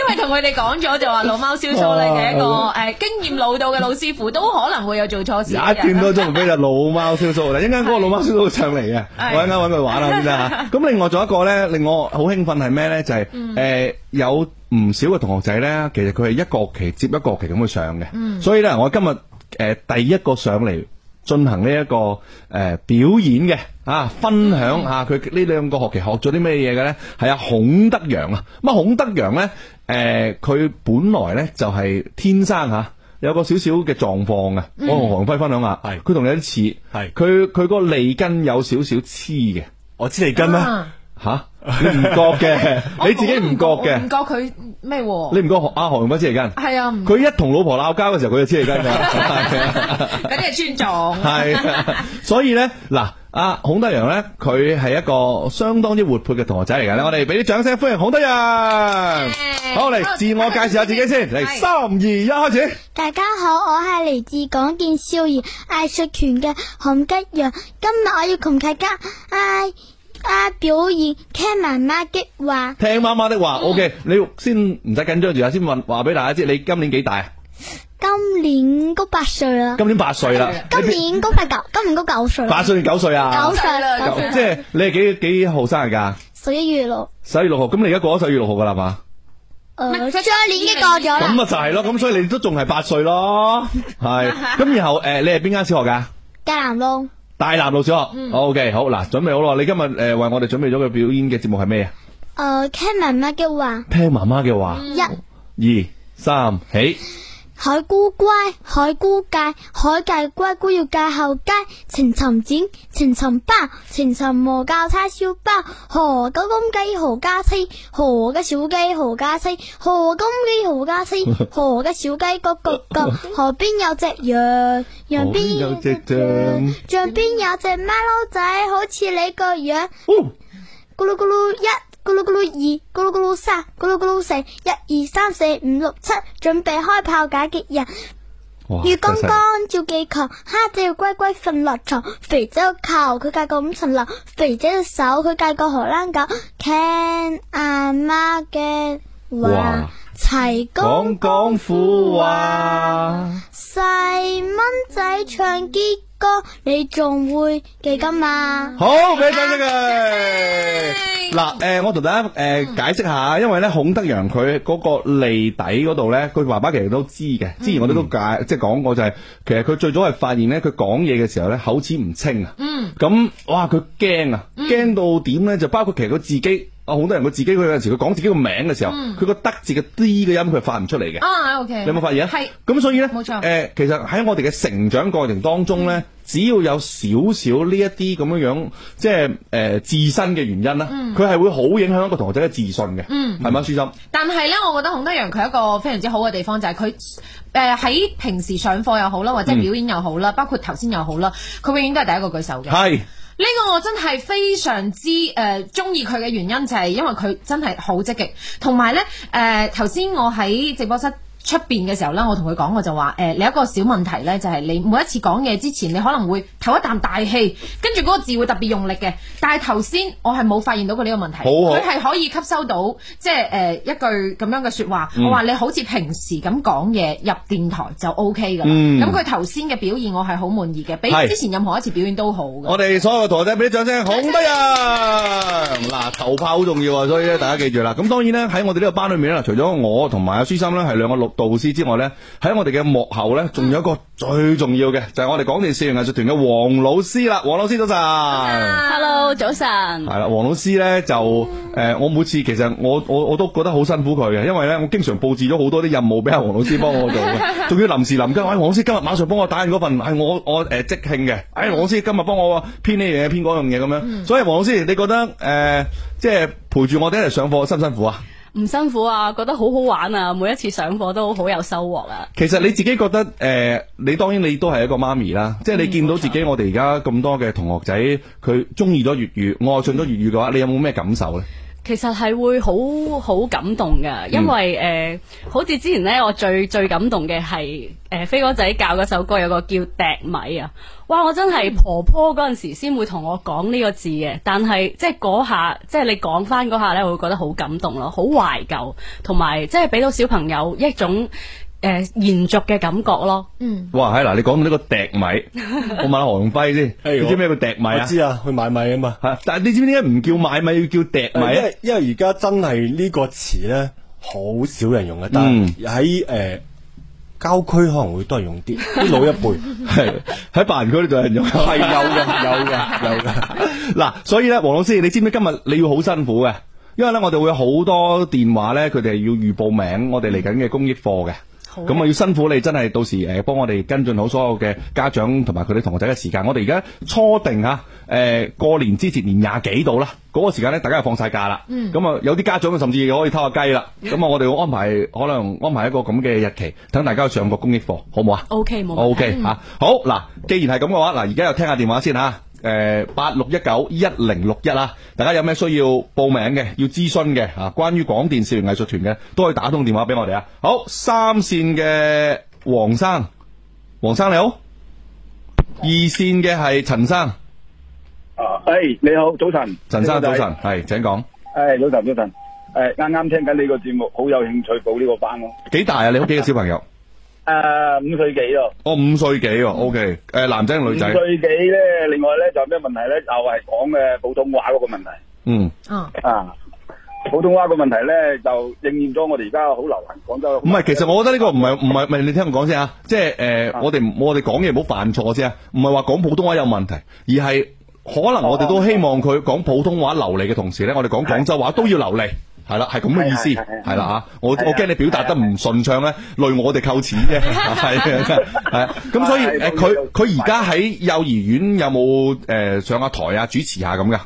為同佢哋講咗就話老貓燒鬚咧，係一個誒經驗老到嘅老師傅都可能會有做錯事。一段多鐘唔只老貓燒鬚啦，一陣間個老貓燒鬚上嚟！Yeah, 哎、我一陣搵佢玩啦，咁 [LAUGHS] 咁另外仲有一個咧，令我好興奮係咩咧？就係、是、誒、嗯呃，有唔少嘅同學仔咧，其實佢係一個學期接一個學期咁去上嘅、嗯，所以咧我今日誒、呃、第一個上嚟進行呢、這、一個誒、呃、表演嘅、啊、分享吓，佢呢兩個學期學咗啲咩嘢嘅咧？係啊，孔德陽、呃就是、啊，咁啊孔德陽咧，誒佢本來咧就係天生吓。有個少少嘅狀況啊，嗯、我同黃輝分享下，係佢同你有啲似，係佢佢個脷根有少少黐嘅。我黐脷根咩吓？啊 [LAUGHS] 你唔覺嘅、欸，你自己唔覺嘅，唔覺佢咩？你唔覺阿韓榮輝黐脷根？係啊，佢、啊、一同老婆鬧交嘅時候，佢就黐脷根噶啦。嗰啲係尊重係，所以咧，嗱，阿孔德陽咧，佢係一個相當之活潑嘅同學仔嚟㗎。咧、嗯，我哋俾啲掌聲歡迎孔德陽、嗯。好嚟，自我介紹下自己先，嚟三二一，3, 2, 1, 開始。大家好，我係嚟自港建少兒藝術團嘅孔德陽，今日我要同大家……加、哎。啊！表現聽媽媽的話，聽媽媽的話。OK，你先唔使緊張住啊，先問話俾大家知，你今年幾大啊？今年都八歲啦，今年八歲啦，今年都八九，今年都九歲。八歲定九歲啊？九歲啦，即係你係幾幾號生日噶？十一月六，十一月六號。咁你而家過咗十一月六號噶啦嘛？誒，上年已經過咗啦。咁啊就係咯，咁所以你都仲係八歲咯，係。咁 [LAUGHS] 然後誒、呃，你係邊間小學噶？加南路。大南路小學，嗯，OK，好嗱，準備好咯，你今日誒為我哋準備咗嘅表演嘅節目係咩啊？誒、呃，聽媽媽嘅話，聽媽媽嘅話，一、嗯、二、三，起。海姑乖，海姑介，海介乖，姑要介後街。情尋剪，情尋包，情尋磨教叉燒包。何家公雞何家妻，何家小雞何家妻，何公雞何家妻，何,的小雞何家何的小雞各各各。河邊有隻羊，隻隻羊邊有隻象，象邊有隻馬騮仔，好似你個樣。咕嚕咕嚕一。咕嚕咕嚕二，咕嚕咕嚕三，咕嚕咕嚕四，一二三四五六七，準備開炮解決人。月光光照地球，蝦仔要乖乖瞓落床，肥仔個球，佢介個五層樓，肥仔隻手，佢介個荷蘭狗，聽阿媽嘅話。齊歌講講苦話，細、啊、蚊仔唱啲歌，你仲會記得嘛？好，俾掌聲佢。嗱，誒、呃，我同大家誒、呃、解釋下，因為咧，孔德陽佢嗰個脷底嗰度咧，佢爸爸其實都知嘅。之前我哋都解即係講過就係、是，其實佢最早係發現咧，佢講嘢嘅時候咧，口齒唔清啊。嗯。咁，哇，佢驚啊，驚到點咧？就包括其實佢自己。哦，好多人佢自己佢有陣時佢講自己個名嘅時候，佢個得字嘅 d 嘅音佢發唔出嚟嘅。啊，OK。有冇發現啊？係。咁所以咧，誒、冇錯，其實喺我哋嘅成長過程當中咧、嗯，只要有少少呢一啲咁樣樣，即係誒自身嘅原因啦，佢、嗯、係會好影響一個同學仔嘅自信嘅。嗯，係嘛、嗯，舒心。但係咧，我覺得孔德陽，佢一個非常之好嘅地方就係、是、佢、誒、呃、喺平時上課又好啦，或者表演又好啦、嗯，包括頭先又好啦，佢永遠都係第一個舉手嘅。係。呢、這個我真係非常之呃中意佢嘅原因就係、是、因為佢真係好積極，同埋呢，呃頭先我喺直播室，出面嘅時候咧，我同佢講，我就話誒，你一個小問題咧，就係你每一次講嘢之前，你可能會唞一啖大氣，跟住嗰個字會特別用力嘅。但係頭先我係冇發現到佢呢個問題，佢係可以吸收到即係誒、呃、一句咁樣嘅說，說話。我話你好似平時咁講嘢入電台就 O K 噶啦。咁佢頭先嘅表現我係好滿意嘅，比之前任何一次表演都好嘅。我哋所有台仔俾啲掌聲，好得呀？啊！嗱，頭炮好重要啊，所以咧大家記住啦。咁當然咧喺我哋呢個班裏面咧，除咗我同埋阿舒心咧係兩個六。導師之外咧，喺我哋嘅幕後咧，仲有一個最重要嘅就係、是、我哋港電攝影藝術團嘅黃老師啦。黃老師早晨，Hello，早晨。係啦，黃老師咧就誒、呃，我每次其實我我我都覺得好辛苦佢嘅，因為咧我經常佈置咗好多啲任務俾阿黃老師幫我做，仲 [LAUGHS] 要臨時臨急。哎，黃老師今日馬上幫我打印嗰份，係、哎、我我誒、呃、即興嘅。哎，黃老師今日幫我編呢樣嘢，編嗰樣嘢咁樣。所以黃老師，你覺得誒、呃，即係陪住我哋一齊上課，辛唔辛苦啊？唔辛苦啊，覺得好好玩啊！每一次上課都好有收穫啊！其實你自己覺得，誒、呃，你當然你都係一個媽咪啦，嗯、即係你見到自己我哋而家咁多嘅同學仔，佢鍾意咗粵語，愛上咗粵語嘅話、嗯，你有冇咩感受呢？其實係會好好感動㗎，因為誒、嗯呃，好似之前呢，我最最感動嘅係誒，飛哥仔教嗰首歌有個叫《笛米》啊，哇！我真係婆婆嗰陣時先會同我講呢個字嘅，但係即係嗰下，即係你講翻嗰下呢，我會覺得好感動咯，好懷舊，同埋即係俾到小朋友一種。誒，延續嘅感覺咯。嗯，哇，係嗱，你講到呢個糴米， [LAUGHS] 我問下黃輝先。 [LAUGHS] 你知咩叫糴米啊？我我知啊，去買米啊嘛吓。 [LAUGHS] 但係你知唔知點解唔叫買米，要叫糴米？因為因為而家真係呢個詞咧，好少人用嘅。嗯、但喺誒郊區可能會都用 [LAUGHS] 人，人用啲啲老一輩係喺白雲區呢度人用係有嘅，有嘅，有嘅。嗱， [LAUGHS] 所以咧，黃老師，你知唔知今日你要好辛苦嘅？因為咧，我哋會有好多電話咧，佢哋係要預報名我哋嚟緊嘅公益課嘅。 [LAUGHS] 咁啊，要辛苦你真係到時誒，幫、呃、我哋跟進好所有嘅家長同埋佢哋同學仔嘅時間。我哋而家初定吓，誒、呃，過年之前年廿幾度啦，嗰、那個時間咧，大家又放晒假啦。咁、嗯、啊，有啲家長甚至可以偷下雞啦。咁、嗯、啊，我哋會安排可能安排一個咁嘅日期，等大家上個公益課，好唔好？okay, okay, 啊？O K，冇 O K 吓。好嗱，既然係咁嘅話，嗱，而家又聽下電話先吓。誒、呃，八六一九一零六一啊。大家有咩需要報名嘅、要諮詢嘅啊，關於廣電少年藝術團嘅，都可以打通電話俾我哋啊。好，三線嘅黃生，黃生你好。二線嘅係陳生。啊、hey,，你好，早晨。陳生早晨，係，請講。誒，早晨，早晨，誒，啱啱、hey, 欸、聽緊呢個節目，好有興趣報呢個班咯、啊。幾大啊？你屋企嘅小朋友？ [LAUGHS] 誒、uh,，五歲幾哦？我五歲幾哦？O K，誒，男仔女仔？五歲幾咧？另外咧，就有咩問題咧？就係講嘅普通話嗰個問題。嗯。嗯。啊，普通話個問題咧，就應驗咗我哋而家好流行廣州。唔係，其實我覺得呢個唔係唔係，咪你聽我講先啊！即係誒，我哋我哋講嘢唔好犯錯啫，唔係話講普通話有問題，而係可能我哋都希望佢講普通話流利嘅同時咧，我哋講廣州話都要流利。係啦，係咁嘅意思，係啦吓，我係係係係我驚你表達得唔順暢咧，係係係係係係累我哋扣錢啫，係係咁所以誒，佢佢而家喺幼兒園有冇誒、呃、上下台啊主持下咁噶？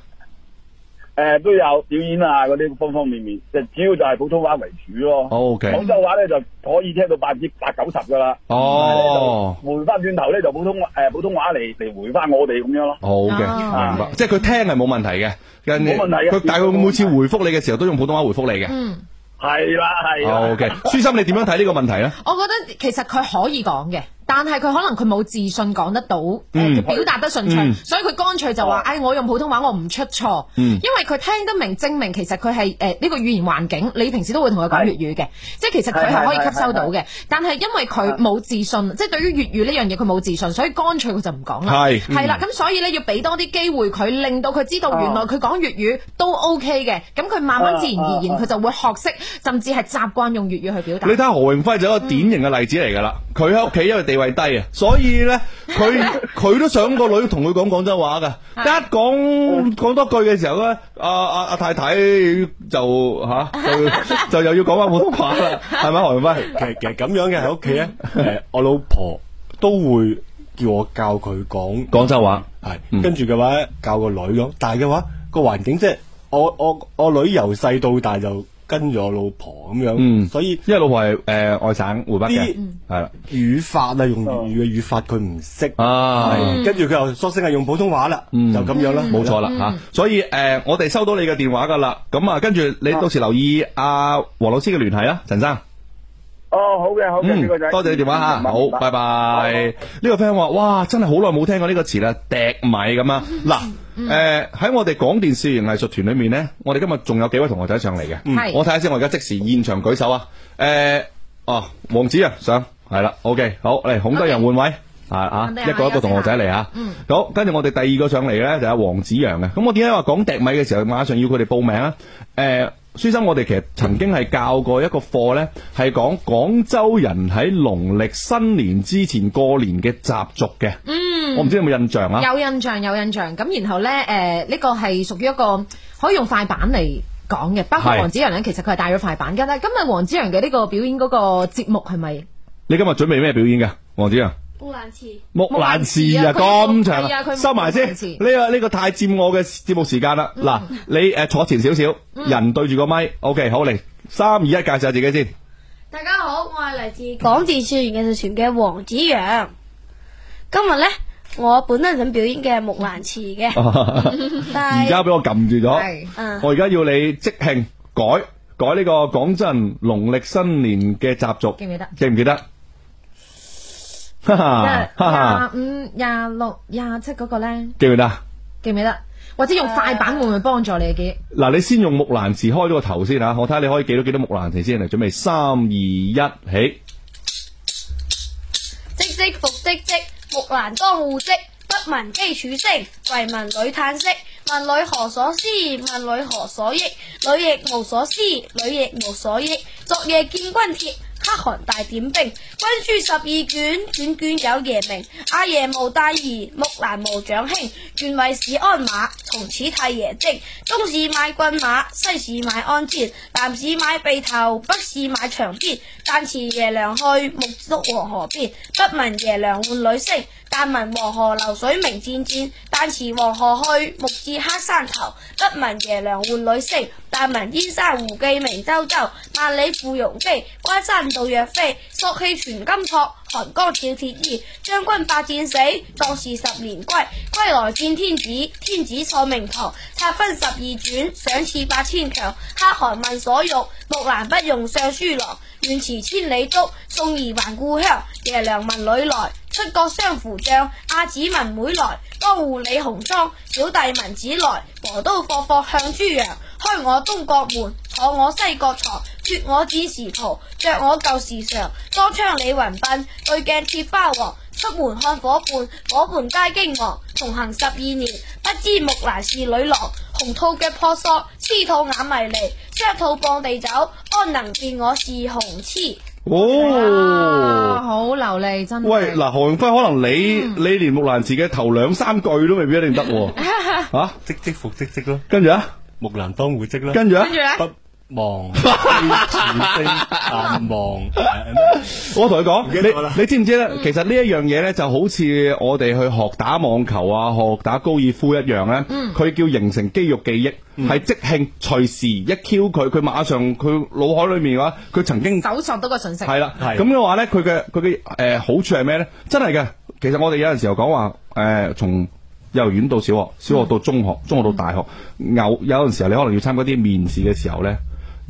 誒、呃，都有表演啊，嗰啲方方面面，就主要就係普通話為主咯。O K，廣州話咧就可以聽到百分之八九十噶啦。哦、嗯，回翻轉頭咧就普通話誒普通話嚟嚟回翻我哋咁樣咯。好、okay, 嘅、oh.，明白。即係佢聽係冇問題嘅，冇問題嘅。佢但係佢每次回覆你嘅時候都用普通話回覆你嘅。嗯，係啦，係啦。O K，舒心你點樣睇呢個問題咧？我覺得其實佢可以講嘅。但係佢可能佢冇自信講得到，嗯、表達得順暢、嗯，所以佢乾脆就話，誒、哦哎、我用普通話我唔出錯，嗯、因為佢聽得明，證明其實佢係呢個語言環境，你平時都會同佢講粵語嘅，即係其實佢係可以吸收到嘅。但係因為佢冇自信，即係對於粵語呢樣嘢佢冇自信，所以乾脆佢就唔講啦。係，係、嗯、啦，咁所以呢，要俾多啲機會佢，令到佢知道原來佢講粵語都 OK 嘅，咁佢慢慢自然而然佢就會學識，甚至係習慣用粵語去表達。你睇下何榮輝就一個典型嘅例子嚟㗎啦，佢喺屋企因為地。低啊，所以咧，佢佢都想個女同佢講廣州話嘅，一講講多句嘅時候咧，阿、啊、阿、啊、太太就吓、啊、就就又要講翻普通話啦，係 [LAUGHS] 咪？唔係，其實其實咁樣嘅喺屋企咧，我老婆都會叫我教佢講廣州話，係、嗯、跟住嘅話教個女囉，但係嘅話個環境即、就、係、是、我我我女由細到大就。跟住我老婆咁樣、嗯，所以因為老婆係誒、呃、外省湖北嘅，係啦，語法啊用粵語嘅語法佢唔識啊，嗯、跟住佢又索性係用普通話啦、嗯，就咁樣啦冇、嗯、錯啦、啊、所以誒、呃、我哋收到你嘅電話噶啦，咁啊跟住你到時留意阿、啊、黃老師嘅聯繫啊，陳生。哦，好嘅，好嘅呢、嗯這個仔、就是，多謝你電話吓、嗯嗯嗯，好，拜拜。呢、這個 friend 話，哇，真係好耐冇聽過呢個詞笛、嗯、啦，笛米咁啊！嗱、呃，誒，喺我哋廣電小型藝術團裏面呢，我哋今日仲有幾位同學仔上嚟嘅，我睇下先，我而家即時現場舉手啊！誒、呃，哦、啊，王子陽，上係啦，OK，好，嚟孔德陽換位，OK，啊啊，一個一個同學仔嚟啊，好，跟住我哋第二個上嚟咧就係、是、黃子陽嘅，咁我點解話講笛米嘅時候馬上要佢哋報名咧、啊？誒、啊。書生，我哋其實曾經係教過一個課咧，係講廣州人喺農曆新年之前過年嘅習俗嘅。嗯，我唔知有冇印象啊？有印象，有印象。咁然後咧，誒、呃，呢、這個係屬於一個可以用快板嚟講嘅。包括黃子陽咧，其實佢係帶咗快板嘅。今日黃子陽嘅呢個表演嗰個節目係咪？你今日準備咩表演嘅，黃子陽？木蘭詞，木蘭詞啊，咁長，收埋先。呢個呢個太佔我嘅節目時間啦。嗱，你誒坐前少少，人對住個咪。O K，好嚟，三二一，介紹下自己先。大家好，我係嚟自廣電少年藝術團嘅黃子陽。今日呢，我本身想表演嘅木蘭詞嘅，但係而家俾我撳住咗。係，我而家要你即興改改呢個廣州人農曆新年嘅習俗，記唔記得？記唔記得？廿 [LAUGHS] 廿五、廿六、廿七嗰個咧記唔記得？記唔記得？或者用快板會唔會幫助你嘅記憶？嗱、啊，你先用木蘭詞開咗個頭先吓、啊，我睇下你可以記到幾多木蘭詞先嚟。準備三二一，起。唧唧復唧唧，木蘭當戶織，不聞機杼聲，惟聞女嘆息。問女何所思？問女何所憶？女亦無所思，女亦無所憶。昨夜見軍帖可汗大點兵，軍書十二卷，卷卷有爺名。阿爺無大兒，木蘭無長兄，願為市鞍馬，從此替爺征。東市買駿馬，西市買鞍韉，南市買轡頭，北市買長鞭。旦辭爺娘去，暮宿黃河邊，不聞爺娘喚女聲。但聞黃河流水鳴濺濺，但辭黃河去，暮至黑山頭。不聞爺娘喚女聲，但聞燕山胡騎鳴啾啾。萬里赴戎機，關山度若飛。朔氣傳金柝，寒光照鐵衣。將軍百戰死，壯士十年歸。歸來見天子，天子坐明堂。策勳十二轉，賞賜百千強。可汗問所欲，木蘭不用尚書郎。願馳千里足，送兒還故鄉。爺娘聞女來。出郭相扶將，阿姊聞妹來，當戶理紅妝。小弟聞姊來，磨刀霍霍向豬羊。開我東閣門，坐我西閣床，脫我戰時袍，着我舊時裳。當窗理雲鬢，對鏡貼花黃。出門看火伴，火伴皆驚忙。同行十二年，不知木蘭是女郎。雄兔腳撲朔，雌兔眼迷離，雙兔傍地走，安能辨我是雄雌？哦、oh, 啊，好流利真係。喂，嗱，何潤輝可能你、嗯、你連木蘭詞嘅頭兩三句都未必一定得，啊，唧唧復唧唧咯，跟住啊，木蘭當戶織啦，跟住啊，跟不。望， [LAUGHS] 我同你講，你知唔知呢？其實呢一樣嘢呢，就好似我哋去學打網球啊、學打高爾夫一樣呢，佢、嗯、叫形成肌肉記憶，係、嗯、即興隨時一 Q 佢，佢馬上佢腦海裏面嘅話，佢曾經搜索到個信息。係啦，咁嘅話呢，佢嘅佢嘅誒好處係咩呢？真係嘅。其實我哋有陣時候講話，誒、呃、從幼兒園到小學，小學到中學，嗯、中學到大學，有有陣時候你可能要參加啲面試嘅時候呢。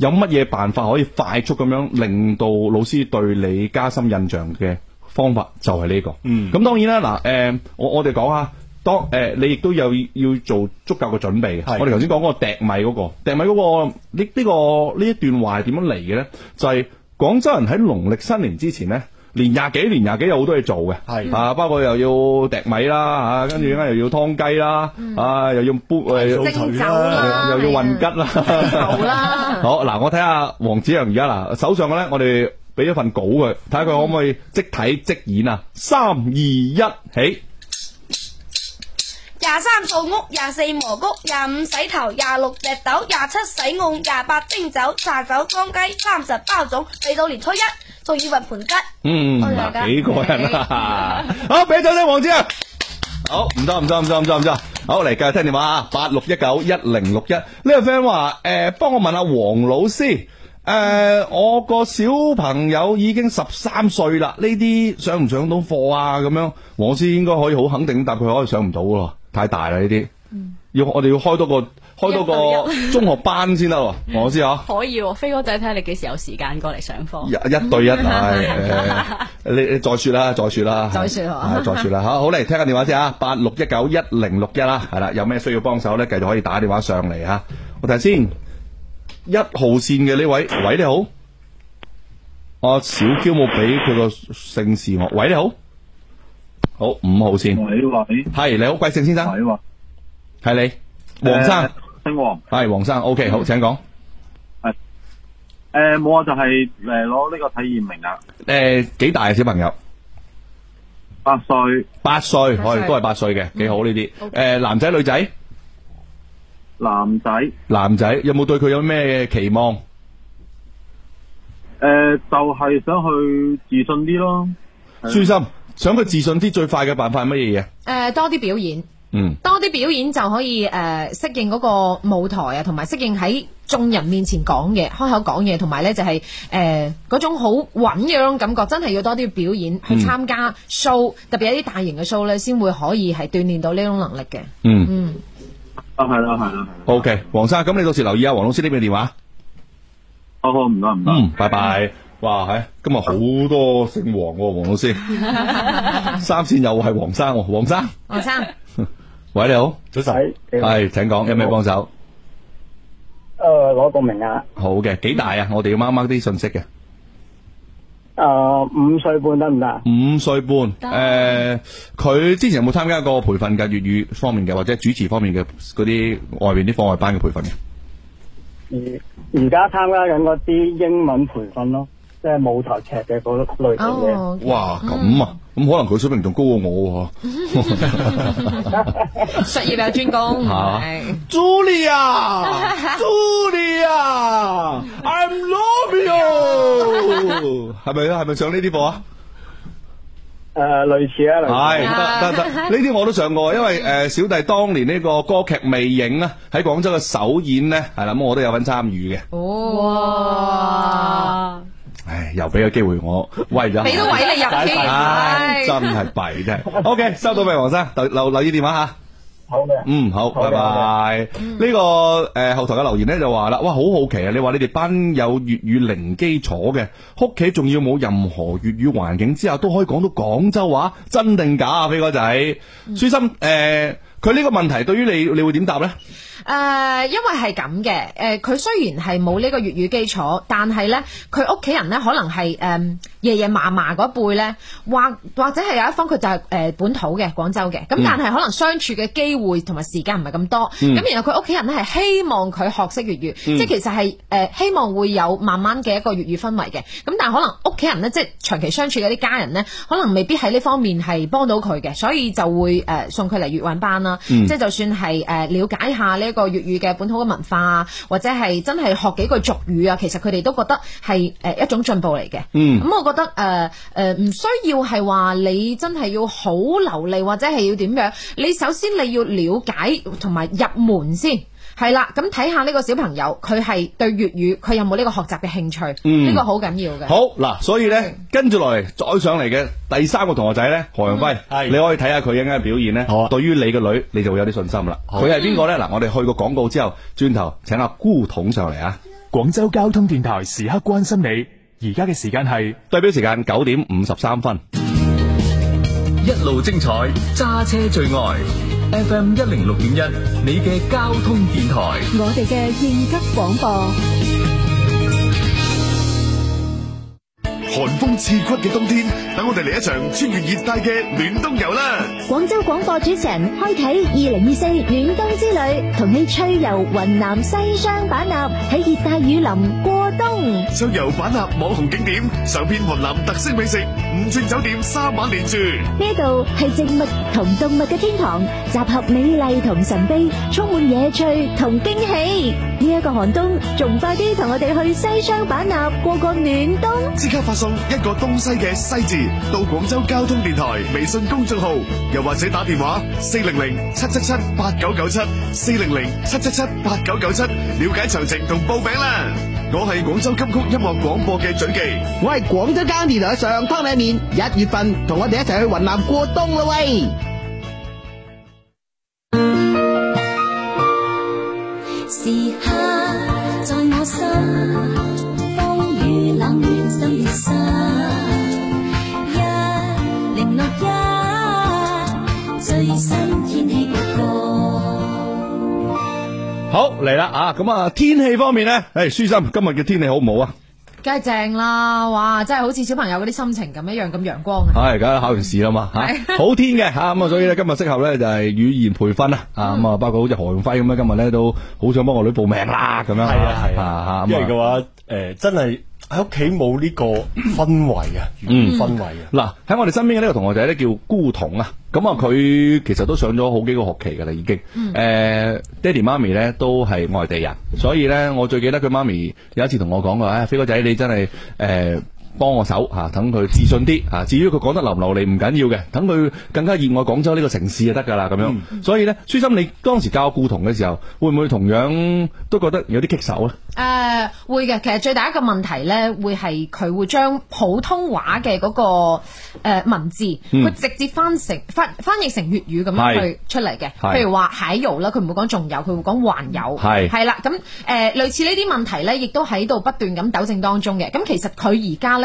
有乜嘢辦法可以快速咁樣令到老師對你加深印象嘅方法就係呢個、嗯。咁當然啦，嗱、呃，我我哋講下，當誒、呃、你亦都有要做足夠嘅準備。我哋頭先講嗰個笛米嗰、那個，掟米嗰、那個呢呢呢一段話係點樣嚟嘅咧？就係、是、廣州人喺農曆新年之前咧。年廿幾年廿幾，有好多嘢做嘅，係啊，包括又要糴米啦，吓、啊，跟住點解又要湯雞啦、嗯，啊，又要煲誒蒸酒，又要混吉啦，好 [LAUGHS] 啦。好嗱，我睇下黃子陽而家嗱手上嘅咧，我哋俾一份稿佢，睇下佢可唔可以即睇即演啊？三二一，起。廿三掃屋，廿四磨谷，廿五洗頭，廿六掟豆，廿七洗碗，廿八蒸酒，叉手湯雞，三十包粽，嚟到年初一。要挖盆吉。嗯，幾過癮啊！好，俾咗聲黃師，好唔得，唔得，唔得，唔得，唔得。好嚟繼續聽電話啊！八六一九一零六一呢位 friend 話，誒、這個，幫、呃、我問下黃老師，誒、呃嗯，我個小朋友已經十三歲啦，呢啲上唔上到課啊？咁樣，黃師應該可以好肯定咁答佢，佢可以上唔到咯，太大啦呢啲。嗯要我哋要開多個開多個中學班先得喎，我、哦、知啊。可以，哦，飛哥仔睇下你幾時有時間過嚟上課。一一對一係， [LAUGHS] 哎、 [LAUGHS] 你你再說啦，再說啦。再說再說啦，吓 [LAUGHS] 好嚟聽個電話先啊，八六一九一零六一啦，係啦，有咩需要幫手咧，繼續可以打電話上嚟吓、啊。我睇下先，一號線嘅呢位，喂你好，我、啊、小嬌冇俾佢個姓氏我，喂你好，好，五號線。係你好，貴姓先生？係你，黃生，呃、姓黃，係黃生。O、OK, K，好，請講。係、嗯，誒，冇、呃、啊，就係誒攞呢個體驗名額。誒、呃，幾大嘅、啊、小朋友？八歲。八歲，以、哦、都係八歲嘅，幾好呢啲。誒、嗯 okay. 呃，男仔女仔？男仔。男仔，有冇對佢有咩期望？誒、呃，就係、是、想去自信啲咯。舒心，想佢自信啲最快嘅辦法係乜嘢嘢？誒、呃，多啲表演。嗯，多啲表演就可以誒，適應嗰個舞台啊，同埋適應喺眾人面前講嘢，開口講嘢，同埋咧就係誒嗰種好穩嘅種感覺，真係要多啲表演去參加 show，、嗯、特別有啲大型嘅 show 咧，先會可以係鍛煉到呢種能力嘅。嗯嗯，啊係啦係啦，OK，黃生，咁你到時留意下黃老師呢邊電話。好、哦、好，唔該唔該。嗯，拜拜。哇，係今日好多姓黃喎、啊，黃老師。 [LAUGHS] [LAUGHS] 三線又係黃生，、啊、黃生，黃生。黃生。喂，你好，早晨，係，請講，有咩幫手？誒、攞、呃、個名啊！好嘅，幾大啊？我哋要掹掹啲信息嘅。誒、呃，五歲半得唔得？五歲半，誒，佢、呃、之前有冇參加過培訓嘅粵語方面嘅，或者主持方面嘅嗰啲外邊啲課外班嘅培訓嘅？而而家參加緊嗰啲英文培訓咯，即係舞台劇嘅類型嘅。哇、oh, okay.，咁啊！嗯咁可能佢水平仲高過我，術業有專攻係嘛？Julia，Julia，I'm loving you，係咪？係咪上呢啲課啊？誒，類似啊，係，得得，呢啲我都上過，因為誒，小弟當年呢個歌劇魅影咧喺廣州嘅首演咧係啦，咁我都有份參與嘅。哦。唉，又俾個機會我， [LAUGHS] 喂咗俾都位你入機、哎，真係弊啫。 [LAUGHS] OK，收到未？黃生留留意電話吓。好嘅，嗯，好，好拜拜。呢、這個誒、呃、後台嘅留言咧就話啦，哇，好好奇啊！你話你哋班有粵語零基礎嘅，屋企仲要冇任何粵語環境之下，都可以講到廣州話，真定假啊？飛哥仔，嗯、舒心誒，佢、呃、呢個問題對於你，你會點答咧？誒、呃、因為係咁嘅，誒、呃、佢雖然係冇呢個粵語基礎，但係咧，佢屋企人咧可能係誒爺爺嫲嫲輩咧，或或者係有一方佢就係誒本土嘅廣州嘅，咁但係可能相處嘅機會同埋時間唔係咁多，咁、嗯、然後佢屋企人咧係希望佢學識粵語，嗯、即係其實係誒、呃、希望會有慢慢嘅一個粵語氛圍嘅，咁但係可能屋企人咧即係長期相處啲家人咧，可能未必喺呢方面係幫到佢嘅，所以就會誒、呃、送佢嚟粵韻班啦、啊嗯，即係就算係誒、呃、了解一下呢。一個粵語嘅本土嘅文化啊，或者係真係學幾句俗語啊，其實佢哋都覺得係誒一種進步嚟嘅。嗯，咁、嗯、我覺得誒誒，唔需要係話你真係要好流利，或者係要點樣，你首先你要了解同埋入門先。係啦，咁睇下呢個小朋友，佢係對粵語，佢有冇呢個學習嘅興趣？呢、嗯這個好緊要嘅。好嗱，所以呢，跟住來再上嚟嘅第三個同學仔呢，何陽輝，係你可以睇下佢嘅表現呢、啊。對於你嘅女，你就會有啲信心、啊嗯、啦。佢係邊個呢？嗱，我哋去個廣告之後，轉頭請阿姑統上嚟啊！廣州交通電台，時刻關心你。而家嘅時間係對錶時間九點五十三分，一路精彩，揸車最愛。FM 一零六點一，你嘅交通電台，我哋嘅應急廣播。寒風刺骨嘅冬天，等我哋嚟一場穿越熱帶嘅暖冬遊啦！廣州廣播主持人開啟二零二四暖冬之旅，同你趣遊雲南西雙版納，喺熱帶雨林過冬。暢遊版納網紅景點，嘗遍雲南特色美食，五鑽酒店三晚連住。呢一度係植物同動物嘅天堂，集合美麗同神秘，充滿野趣同驚喜。呢一個寒冬，仲快啲同我哋去西雙版納過個暖冬，即刻發送一個東西嘅西字，到廣州交通電台微信公眾號，又或者打電話四零零七七七八九九七，四零零七七七八九九七，了解詳情同報名啦。我係廣州金曲音樂廣播嘅準記，我係廣州間電台上湯拉麵。一月份同我哋一齊去雲南過冬啦喂。好嚟啦啊！咁啊，天氣方面咧，誒、哎，舒心，今日嘅天氣好唔好啊？梗係正啦，哇，真係好似小朋友嗰啲心情咁一樣咁陽光啊！係，而家考完試啦嘛吓、啊，好天嘅吓咁啊，所以咧今日適合咧就係、是、語言培訓啊咁啊，嗯、包括好似何永輝咁樣，今日咧都好想幫我女報名啦咁樣係啊係啊啊，因為嘅話誒、呃、真係。喺屋企冇呢個氛圍啊，氛圍啊。嗱、嗯，喺、嗯、我哋身邊嘅呢個同學仔咧叫孤童啊，咁啊佢其實都上咗好幾個學期㗎喇已經。誒、嗯，爹、呃、哋媽咪咧都係外地人，所以咧我最記得佢媽咪有一次同我講過，唉、哎，飛哥仔你真係誒。呃幫我手吓，等佢自信啲吓.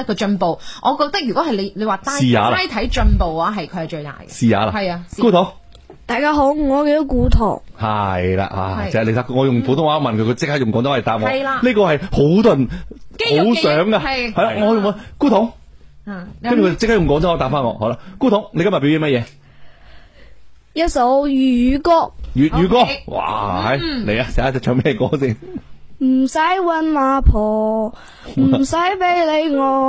個進步，我覺得如果係你你話單單睇進步嘅話，係佢係最大嘅。試下啦，係啊。古桐大家好，我叫古桐。係啦就係、啊啊啊啊啊、你睇我用普通話問佢，佢即刻用廣東話答我。係啦，呢個係好多人好想噶，係啊。我用我古桐，跟住佢即刻用廣州話答翻我。好啦、啊，古桐、嗯，你今日表演乜嘢？一首粵語歌。粵語歌，哇，係嚟啊！下就唱咩歌先。唔使問阿婆，唔使俾你我。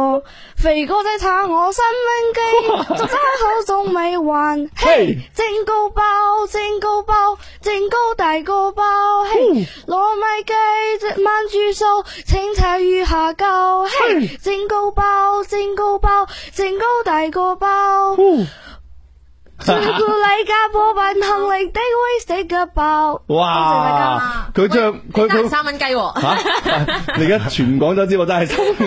肥哥仔炒我三蚊雞，執口仲未還。嘿，蒸糕包，蒸糕包，蒸糕大個包。嘿，糯米雞，晚豬手，請拆雨下夠。嘿，蒸糕包，蒸糕包，蒸糕大個包。哇！佢着佢佢三蚊雞吓，而家、啊、全廣州知我真係三蚊雞。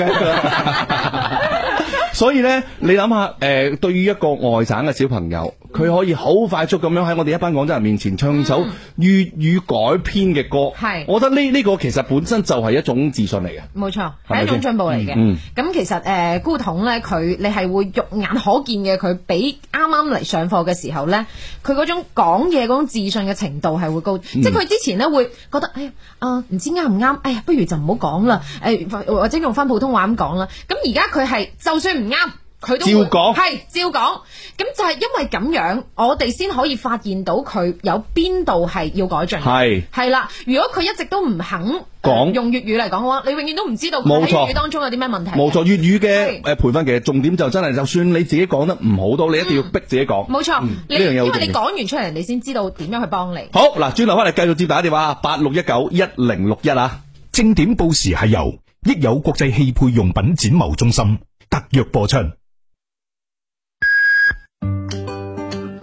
[LAUGHS] [LAUGHS] [LAUGHS] [LAUGHS] 所以咧，你諗下，誒、呃，對於一個外省嘅小朋友。佢可以好快速咁樣喺我哋一班廣州人面前唱首粵、嗯、語，語改編嘅歌，我覺得呢呢、呢個其實本身就係一種自信嚟嘅，冇錯係一種進步嚟嘅。咁、嗯嗯、其實誒，顧筒咧，佢你係會肉眼可見嘅，佢比啱啱嚟上課嘅時候咧，佢嗰種講嘢嗰種自信嘅程度係會高，嗯、即係佢之前咧會覺得，哎呀啊唔知啱唔啱，哎呀不如就唔好講啦，誒或者用返普通話咁講啦。咁而家佢係就算唔啱。都照講係照講，咁就係因為咁樣，我哋先可以發現到佢有邊度係要改進。係係啦，如果佢一直都唔肯講、呃、用粵語嚟講嘅話，你永遠都唔知道粵語當中有啲咩問題。冇錯，粵語嘅誒培訓其實重點就真係，就算你自己講得唔好多，你一定要逼自己講。冇、嗯、錯，呢、嗯、樣嘢好重要。因為你講完出嚟，你先知道點樣去幫你。好嗱，轉頭翻嚟繼續接打電話，八六一九一零六一啊。正點報時係由益友國際汽配用品展貿中心特約播出。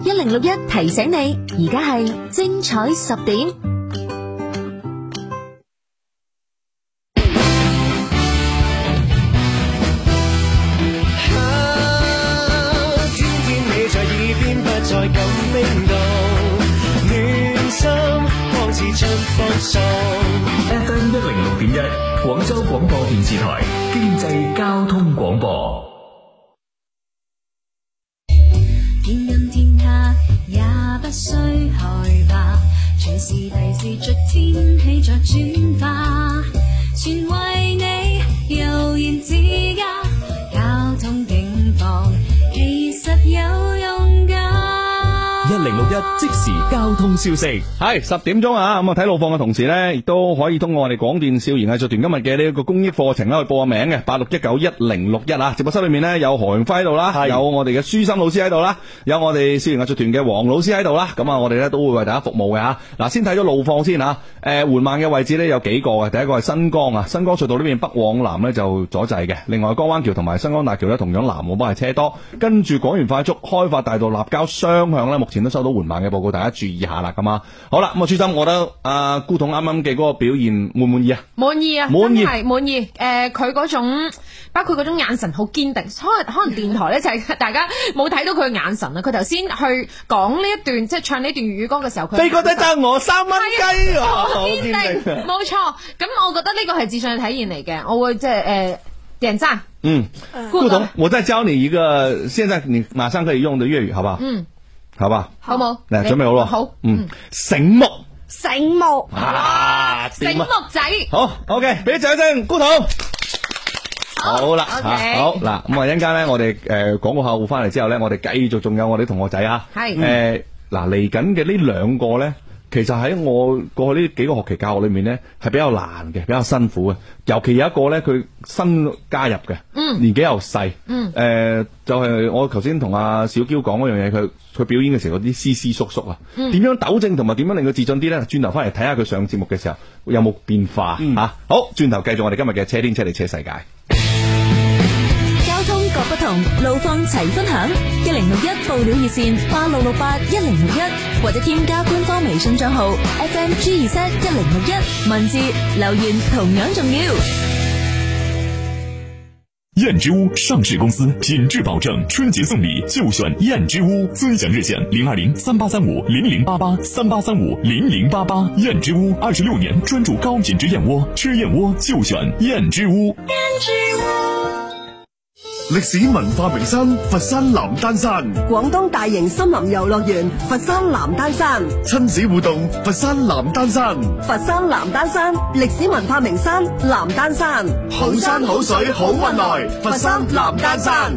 一零六一提醒你，而家係精彩十點。天天你在耳邊，不再感冰凍，暖心，仿似春風送。FM 一零六點一，廣州廣播電視台經濟交通廣播。天陰天黑也不需害怕，隨時提示着天氣在轉化，全為你悠然自家，交通警報其實有。零六一即時交通消息係十、hey, 點鐘啊！咁啊睇路況嘅同時呢，亦都可以通過我哋廣電少兒藝術團今日嘅呢一個公益課程咧去報名嘅八六一九一零六一啊！直播室裏面呢，有何榮輝喺度啦，有我哋嘅舒心老師喺度啦，有我哋少兒藝術團嘅黃老師喺度啦。咁啊，我哋呢都會為大家服務嘅吓。嗱，先睇咗路況先啊！誒，緩慢嘅位置呢，有幾個嘅。第一個係新江啊，新江隧道呢邊北往南呢就阻滯嘅。另外，江灣橋同埋新江大橋呢，同樣南往北係車多。跟住廣園快速、開發大道立交雙向呢，目前都。收到緩慢嘅報告，大家注意下啦，咁啊，好啦，咁啊，朱生，我覺得阿姑董啱啱嘅嗰個表現滿唔滿意啊？滿意啊，滿意，滿意。誒、呃，佢嗰種包括嗰種眼神好堅定，可能可能電台咧就係、是、大家冇睇到佢嘅眼神啊。佢頭先去講呢一段，即、就、係、是、唱呢段粵語歌嘅時候，佢你覺得得我三蚊雞、哦啊、好堅定，冇錯。咁我覺得呢個係自信嘅體現嚟嘅，我會即係誒，鄭、呃、生，嗯，姑董，我再教你一個，現在你馬上可以用嘅粵語，好不好？嗯。係吧，好冇？嗱，準備好咯，好，嗯，醒目，醒目，啊，醒目仔，好，OK，俾掌聲，高頭，好啦，好，嗱，咁啊一陣間咧，我哋誒廣告客戶翻嚟之後咧，我哋繼續仲有我哋同學仔啊，係，誒，嗱嚟緊嘅呢兩個咧。其實喺我過去呢幾個學期教學裏面呢，係比較難嘅，比較辛苦嘅。尤其有一個呢，佢新加入嘅，年紀又細。嗯。誒、嗯呃，就係、是、我頭先同阿小嬌講嗰樣嘢，佢佢表演嘅時候嗰啲絲絲縮縮啊，點樣糾正同埋點樣令佢自信啲呢？轉頭翻嚟睇下佢上節目嘅時候有冇、嗯、變化、嗯、啊？好，轉頭繼續我哋今日嘅車天車地車世界。不同路況齊分享，一零六一報料熱線八六六八一零六一，8668, 1061，或者添加官方微信賬號 F M G 二七一零六一，1061，文字留言同樣重要。燕之屋上市公司，品質保證，春節送禮就選燕之屋，尊享熱線零二零三八三五零零八八三八三五零零八八。020, 3835, 0088, 3835, 0088，燕之屋二十六年專注高品質燕窩，吃燕窩就選燕之屋。燕之屋歷史文化名山佛山南丹山，廣東大型森林遊樂園佛山南丹山，親子互動佛山南丹山，佛山南丹山歷史文化名山南丹山，好山好水好運來佛山南丹山。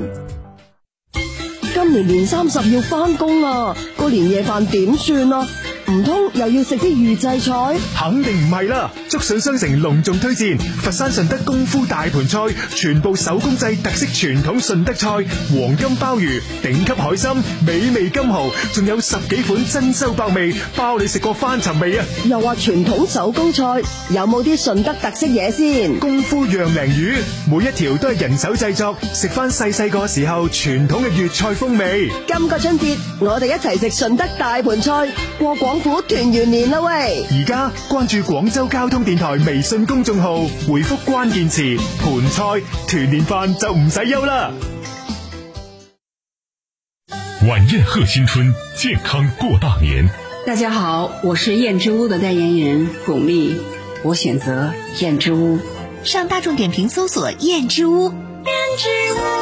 今年年三十要翻工喇，個年夜飯點算啊？唔通又要食啲預製菜，肯定唔係啦！竹筍商城隆重推薦佛山順德功夫大盤菜，全部手工製，特色傳統順德菜，黃金鮑魚、頂級海參、美味金蠔，仲有十幾款珍饈百味，包你食過翻尋味啊！又話傳統手工菜，有冇啲順德特色嘢先？功夫釀鯪魚，每一條都係人手製作，食翻細細個時候傳統嘅粵菜風味。今個春節，我哋一齊食順德大盤菜，過廣。虎團圓年啦喂！而家關注廣州交通電台微信公眾號，回覆關鍵詞“盆菜團年飯”就唔使憂啦。晚宴賀新春，健康過大年。大家好，我是燕之屋的代言人鞏俐，我選擇燕之屋。上大眾點評搜索“燕之屋”，燕之屋。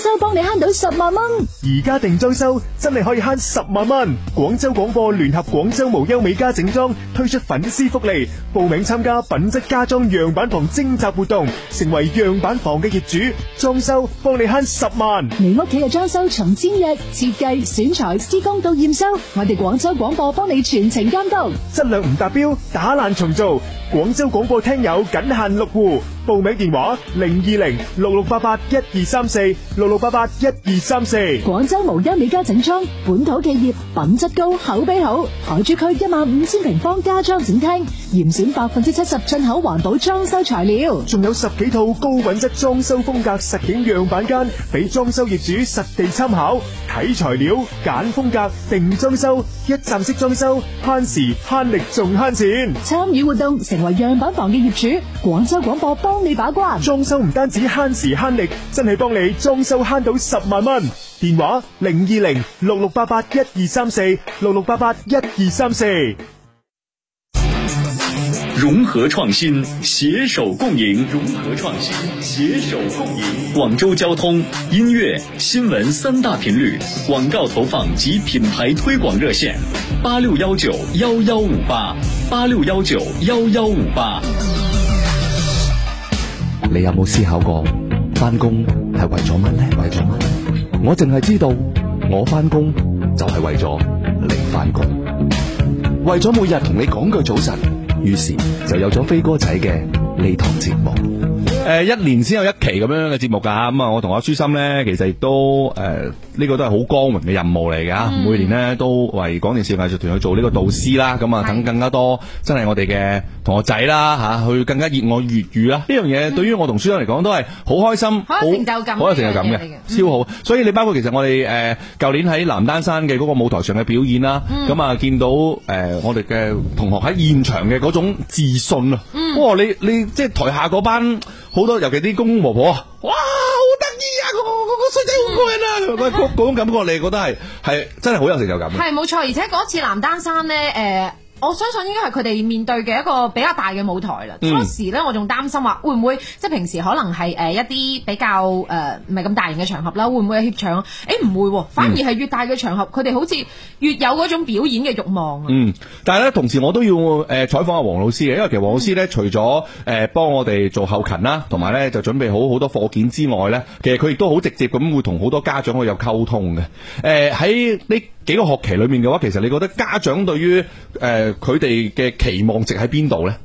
裝修幫你慳到十萬蚊，而家定裝修真係可以慳十萬蚊。廣州廣播聯合廣州無憂美家整裝推出粉絲福利，報名參加品質家裝樣板房徵集活動，成為樣板房嘅業主，裝修幫你慳十萬。你屋企嘅裝修從簽約、設計、選材、施工到驗收，我哋廣州廣播幫你全程監督，質量唔達標打爛重做。廣州廣播聽友僅限六戶，報名電話零二零六六八八一二三四六。六八八一二三四，廣州無憂美家整裝，本土企業，品質高，口碑好。海珠區一萬五千平方家裝展廳，嚴選百分之七十進口環保裝修材料，仲有十幾套高品質裝修風格實景樣板間，俾裝修業主實地參考，睇材料，揀風格，定裝修，一站式裝修，慳時慳力仲慳錢。參與活動，成為樣板房嘅業主，廣州廣播幫你把關。裝修唔單止慳時慳力，真係幫你裝修，慳到十萬蚊，電話零二零六六八八一二三四六六八八一二三四。融合創新，携手共贏。融合創新，携手共贏。廣州交通音樂新聞三大頻率廣告投放及品牌推廣熱線：八六幺九幺幺五八，八六幺九幺幺五八。你有冇思考過？翻工係為咗乜呢？為咗乜？我淨係知道，我翻工就係為咗你翻工，為咗每日同你講句早晨。於是就有咗飛哥仔嘅呢堂節目。誒，一年先有一期咁樣嘅節目噶，咁啊，我同阿舒心呢，其實亦都誒，呢、呃這個都係好光榮嘅任務嚟㗎、嗯。每年呢，都為廣電視藝術團去做呢個導師啦，咁、嗯、啊，等更加多真係我哋嘅同學仔啦吓、啊，去更加熱愛粵語啦。呢、嗯、樣嘢對於我同舒心嚟講都係好開心，好成就咁好一成就感嘅，超好。嗯、所以你包括其實我哋誒，舊、呃、年喺南丹山嘅嗰個舞台上嘅表演啦，咁、嗯、啊見到誒、呃、我哋嘅同學喺現場嘅嗰種自信啊，不、嗯、過、哦、你你即係、就是、台下嗰班。好多，尤其啲公公婆婆，哇，好得意啊！個個個個衰仔好過癮啊！個 [LAUGHS] 嗰種感覺，你覺得係係真係好有成就感。 [LAUGHS] 係冇錯，而且嗰次南丹山咧，誒、呃。我相信應該係佢哋面對嘅一個比較大嘅舞台啦。初時咧，我仲擔心話會唔會即係平時可能係誒一啲比較誒唔係咁大型嘅場合啦，會唔會有怯場，啊？誒、欸、唔會、啊，反而係越大嘅場合，佢、嗯、哋好似越有嗰種表演嘅欲望啊。嗯，但係咧同時我都要誒採訪阿黃老師嘅，因為其實黃老師咧、嗯、除咗誒幫我哋做後勤啦，同埋咧就準備好好多課件之外咧，其實佢亦都好直接咁會同好多家長去有溝通嘅。誒、呃。喺呢幾個學期裏面嘅話，其實你覺得家長對於誒，呃佢哋嘅期望值喺邊度咧？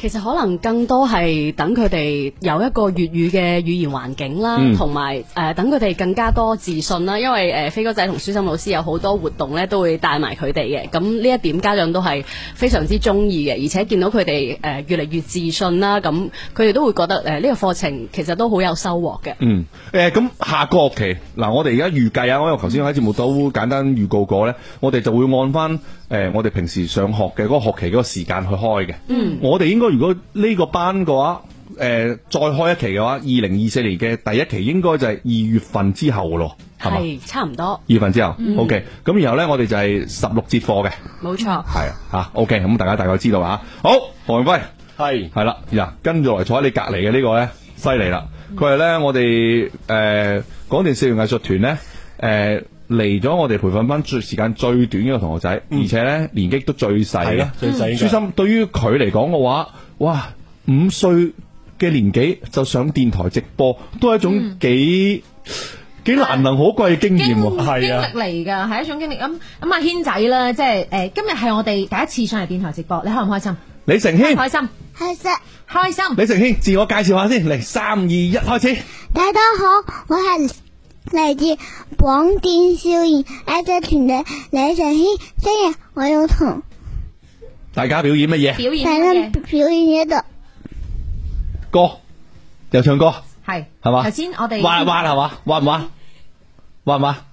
其實可能更多係等佢哋如果呢個班嘅話，誒、呃，再開一期嘅話，二零二四年嘅第一期應該就係二月份之後咯，係咪差唔多二月份之後？嗯、OK，咁然後咧，我哋就係十六節課嘅，冇錯，係吓。OK，咁大家大概知道啊。好，黃永輝，係係啦，跟住嚟坐喺你隔籬嘅呢個咧，犀利啦。佢係咧，我哋誒廣田少年藝術團咧，誒、呃。嚟咗我哋培訓班最時間最短嘅個同學仔、嗯，而且咧年紀都最細嘅，舒心、嗯。對於佢嚟講嘅話，哇，五歲嘅年紀就上電台直播，都係一種幾、嗯、幾難能可貴嘅經驗，係啊，經歷嚟噶，係一種經歷。咁咁阿軒仔啦，即係誒、呃，今日係我哋第一次上嚟電台直播，你開唔開，開心？李成軒開心開心開心。李成軒自我介紹下先，嚟三二一，3, 2, 1, 開始。大家好，我係。嚟自廣電少兒一隻團隊李成軒，今日我有同大家表演乜嘢？表演乜嘢？表演嘢度歌又唱歌係係嘛？頭先我哋玩一玩，係嘛？玩唔玩？玩唔玩？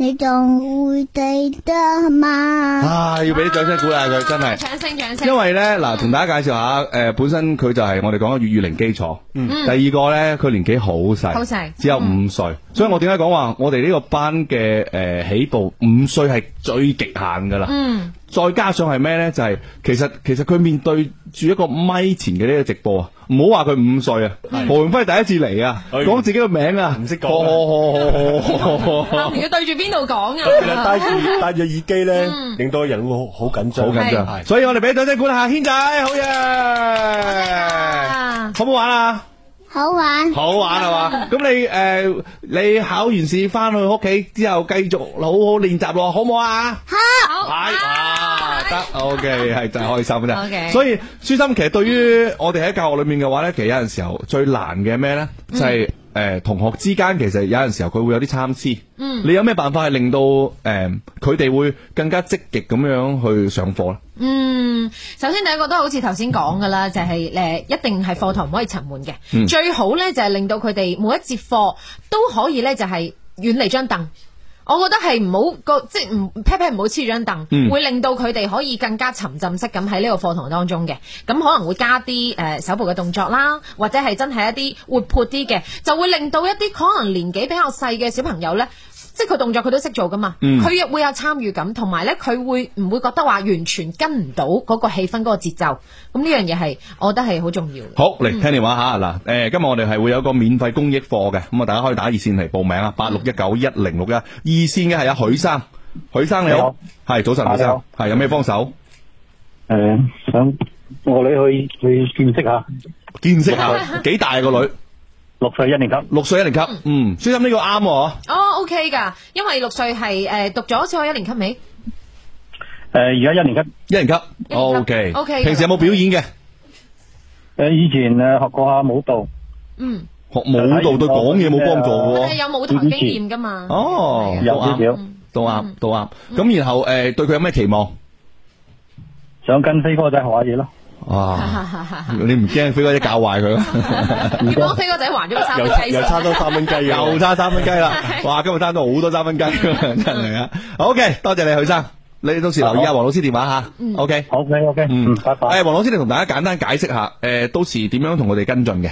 你仲會記得嗎？啊，要俾啲掌聲鼓勵佢，啊，真係掌聲掌聲，因為咧，嗱、嗯，同大家介紹下，誒、呃，本身佢就係我哋講嘅粵語零基礎，嗯，第二個咧，佢年紀好細，好細，只有五歲，嗯，所以我點解講話我哋呢個班嘅誒、呃、起步五歲係最極限噶啦，嗯，再加上係咩咧？就係、是、其實其實佢面對住一個咪前嘅呢個直播啊。唔好話佢五歲啊，何潤輝第一次嚟啊，講自己個名啊，唔識講，佢、哦、 [LAUGHS] 對住邊度講啊？其實戴住戴住耳機咧， [LAUGHS] 令到人會好緊張，好緊張。所以我哋俾掌聲鼓勵下軒仔，好嘢，好唔好玩啊？好玩，好玩係嘛？咁 [LAUGHS] 你誒、呃，你考完試翻去屋企之後，繼續好好練習咯，好唔好啊？好，係哇得，OK，係 [LAUGHS] 真開心嘅！OK！所以舒心其實對於我哋喺教學裏面嘅話咧，其實有陣時候最難嘅咩咧，就係、是。誒，同學之間其實有陣時候佢會有啲參差，嗯，你有咩辦法係令到誒佢哋會更加積極咁樣去上課咧？嗯，首先第一個都好似頭先講噶啦，就係，是，誒一定係課堂唔可以沉悶嘅，嗯，最好咧就係令到佢哋每一節課都可以咧就係遠離張凳。我覺得係唔好個，即係唔 pat pat 唔好黐張凳，嗯，會令到佢哋可以更加沉浸式咁喺呢個課堂當中嘅。咁可能會加啲誒、呃、手部嘅動作啦，或者係真係一啲活潑啲嘅，就會令到一啲可能年紀比較細嘅小朋友咧。即係佢動作佢都識做噶嘛，佢亦會有參與感，同埋咧佢會唔會覺得話完全跟唔到嗰個氣氛，嗰個節奏？咁呢樣嘢係，我覺得係好重要。好，嚟聽你話吓嗱，誒，今日我哋係會有個免費公益課嘅。咁啊，大家可以打二線嚟報名啊，八六一九一零六一。二線嘅係阿許生，許生你好，係早晨，許生係有咩幫手？誒，想同你去去見識下，見識下幾大個女。六歲一年級，六歲一年級，嗯，小心呢個啱哦。哦，OK 噶，因為六歲係誒讀咗小學一年級未？誒，而家一年級，一年級，OK，OK。平時有冇表演嘅？誒，以前誒學過下舞蹈，嗯，學舞蹈對講嘢冇幫助喎，有舞台經驗噶嘛？哦，有少少，都啱，都啱。咁然後誒，對佢有咩期望？想跟飛哥仔學下嘢咯。哇！ [LAUGHS] 你唔驚飛哥仔搞壞佢？你幫飛哥仔還咗個三蚊又差多三蚊雞 [LAUGHS] 又差三蚊雞啦！ [LAUGHS] 哇！今日差咗好多三蚊雞，真係啊！好嘅，多謝你許生，你到時留意阿黃老師電話吓。嗯，OK，OK，OK，okay. Okay, okay, 嗯，拜拜。誒，黃老師你同大家簡單解釋下，誒，到時點樣同我哋跟進嘅？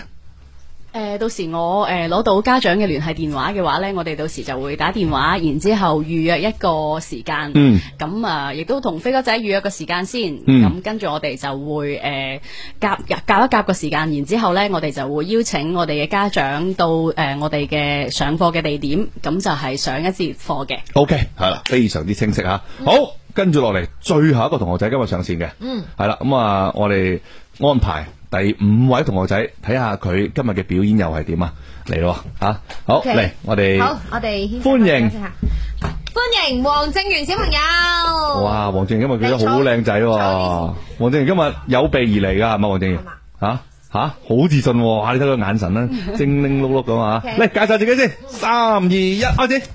誒、呃，到時我誒攞、呃、到家長嘅聯繫電話嘅話呢我哋到時就會打電話，嗯、然之後預約一個時間。嗯，咁啊、呃，亦都同飛哥仔預約個時間先。嗯，咁跟住我哋就會誒、呃、夾夾一夾一個時間，然之後呢我哋就會邀請我哋嘅家長到誒、呃、我哋嘅上課嘅地點，咁就係上一節課嘅。O K，係啦，非常之清晰吓、okay.。好，跟住落嚟最後一個同學仔今日上線嘅。嗯，係啦，咁啊，我哋安排。第五位同學仔，睇下佢今日嘅表演又係點啊！嚟咯，吓好嚟，我哋好我哋歡迎、啊、歡迎黃正源小朋友。哇，黃正源今日佢都好靚仔，黃、啊、正源今日有備而嚟噶，係咪黃正源？吓吓，好、啊啊、自信、啊，吓你睇個眼神啦，精靈碌碌咁啊！嚟、 [LAUGHS] 啊 okay. 介紹自己先，三二一，開始。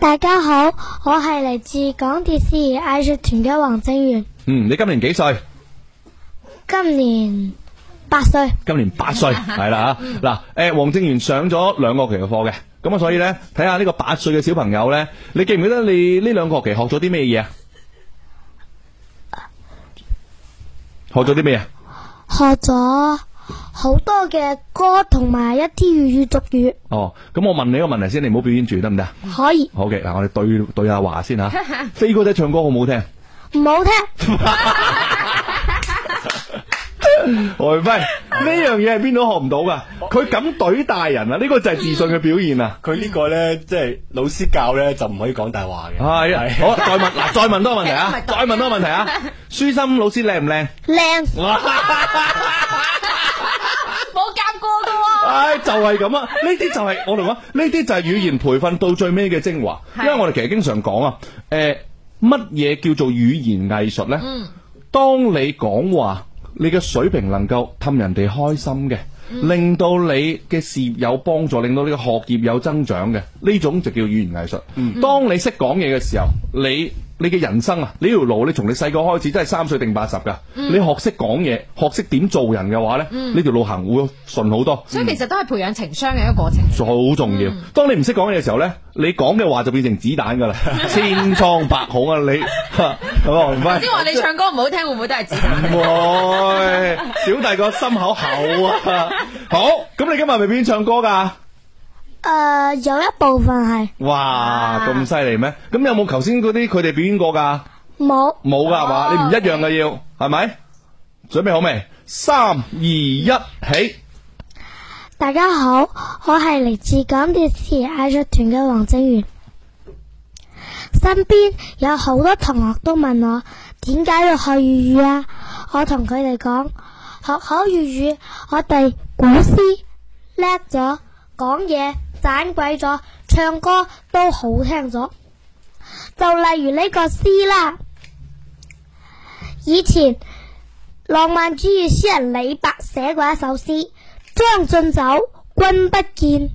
大家好，我係嚟自港電視藝，藝術團嘅黃正源。嗯，你今年幾歲？今年。八歲，今年八歲係啦吓，嗱，誒，黃正源上咗兩個學期嘅課嘅，咁啊，所以咧，睇下呢個八歲嘅小朋友咧，你記唔記得你呢兩個學期學咗啲咩嘢啊？學咗啲咩啊？學咗好多嘅歌同埋一啲粵語俗語。哦，咁我問你一個問題先，你唔好表演住得唔得？可以。好、okay, 嘅，嗱、啊，我哋對對下話先吓，飛哥仔唱歌好唔好聽？唔好聽。 [LAUGHS] 喂 [LAUGHS] 不是，呢 [LAUGHS] 樣嘢係邊度學唔到噶？佢 [LAUGHS] 咁懟大人啊！呢、這個就係自信嘅表現啊！佢、 [LAUGHS] 嗯、呢個咧，即、就、係、是、老師教咧就唔可以講大話嘅。係 [LAUGHS] 好，再問嗱，再問多個問題啊！再問多個問題啊！舒 [LAUGHS] 心老師靚唔靚？靚、 [LAUGHS] [LAUGHS] [LAUGHS] 哎，冇教過到啊！唉、就是，我我就係咁啊！呢啲就係我同講呢啲就係語言培訓到最尾嘅精華， [LAUGHS] 因為我哋其實經常講啊。誒、呃，乜嘢叫做語言藝術咧？嗯，當你講話。你嘅水平能夠氹人哋開心嘅，令到你嘅事業有幫助，令到你嘅學業有增長嘅，呢種就叫語言藝術。當你識講嘢嘅時候，你。你嘅人生啊，呢條路你從你細個開始，真係三歲定八十噶、嗯。你學識講嘢，學識點做人嘅話咧，呢、嗯、條路行會順好多。所以其實都係培養情商嘅一個過程，好、嗯、重要。嗯、當你唔識講嘢嘅時候咧，你講嘅話就變成子彈噶啦， [LAUGHS] 千瘡百孔啊你。咁啊，唔知話你唱歌唔好聽， [LAUGHS] 會唔會都係子彈？ [LAUGHS] 唔會，小弟個心口厚啊！好，咁你今日係咪邊唱歌噶？誒、呃，有一部分係，哇，咁犀利咩？咁有冇頭先嗰啲佢哋表演過噶？冇冇噶係嘛？你唔一樣嘅要係咪？準備好未？三二一，起！大家好，我係嚟自港電視藝術團嘅黃正源。身邊有好多同學都問我點解要學粵語啊？我同佢哋講學好粵語，我哋古詩叻咗，講嘢。盞鬼咗，唱歌都好聽咗。就例如呢個詩啦，以前浪漫主義詩人李白寫過一首詩：《將進酒》，君不見，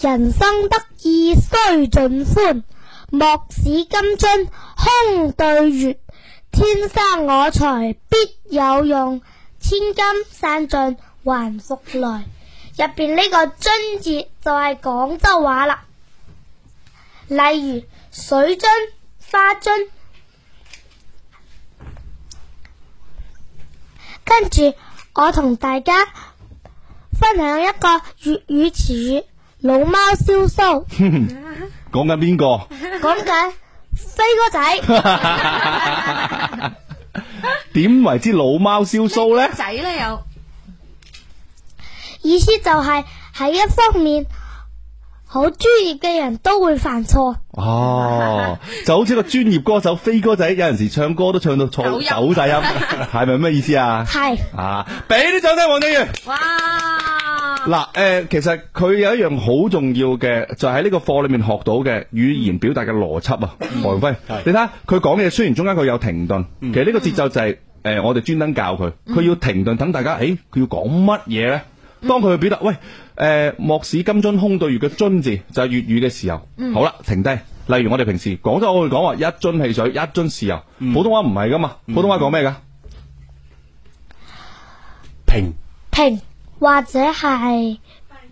人生得意須盡歡，莫使金樽空對月。天生我材必有用，千金散盡還復來。入邊呢個樽字就係廣州話啦，例如水樽、花樽。跟住我同大家分享一個粵語詞語：老貓燒鬚。講緊邊個？講緊飛哥仔。點 [LAUGHS] [LAUGHS] 為之老貓燒鬚呢？仔咧有。意思就係、是、喺一方面，好專業嘅人都會犯錯。哦、啊，就好似個專業歌手飛哥 [LAUGHS] 仔，有陣時唱歌都唱到錯走晒音，係咪咩意思啊？係啊，俾啲掌聲王正元。哇！嗱，誒、呃，其實佢有一樣好重要嘅，就喺、是、呢個課裏面學到嘅語言表達嘅邏輯啊。嗯、王輝，你睇下佢講嘅嘢，講雖然中間佢有停頓、嗯，其實呢個節奏就係、是、誒、呃，我哋專登教佢，佢要停頓等大家，誒、欸，佢要講乜嘢咧？當佢去表達喂，誒、呃，莫使金樽空對月嘅樽字就係粵語嘅豉油。好啦，停低。例如我哋平時廣州我會講話一樽汽水，一樽豉油。嗯。普通話唔係噶嘛，嗯，普通話講咩噶？瓶，瓶或者係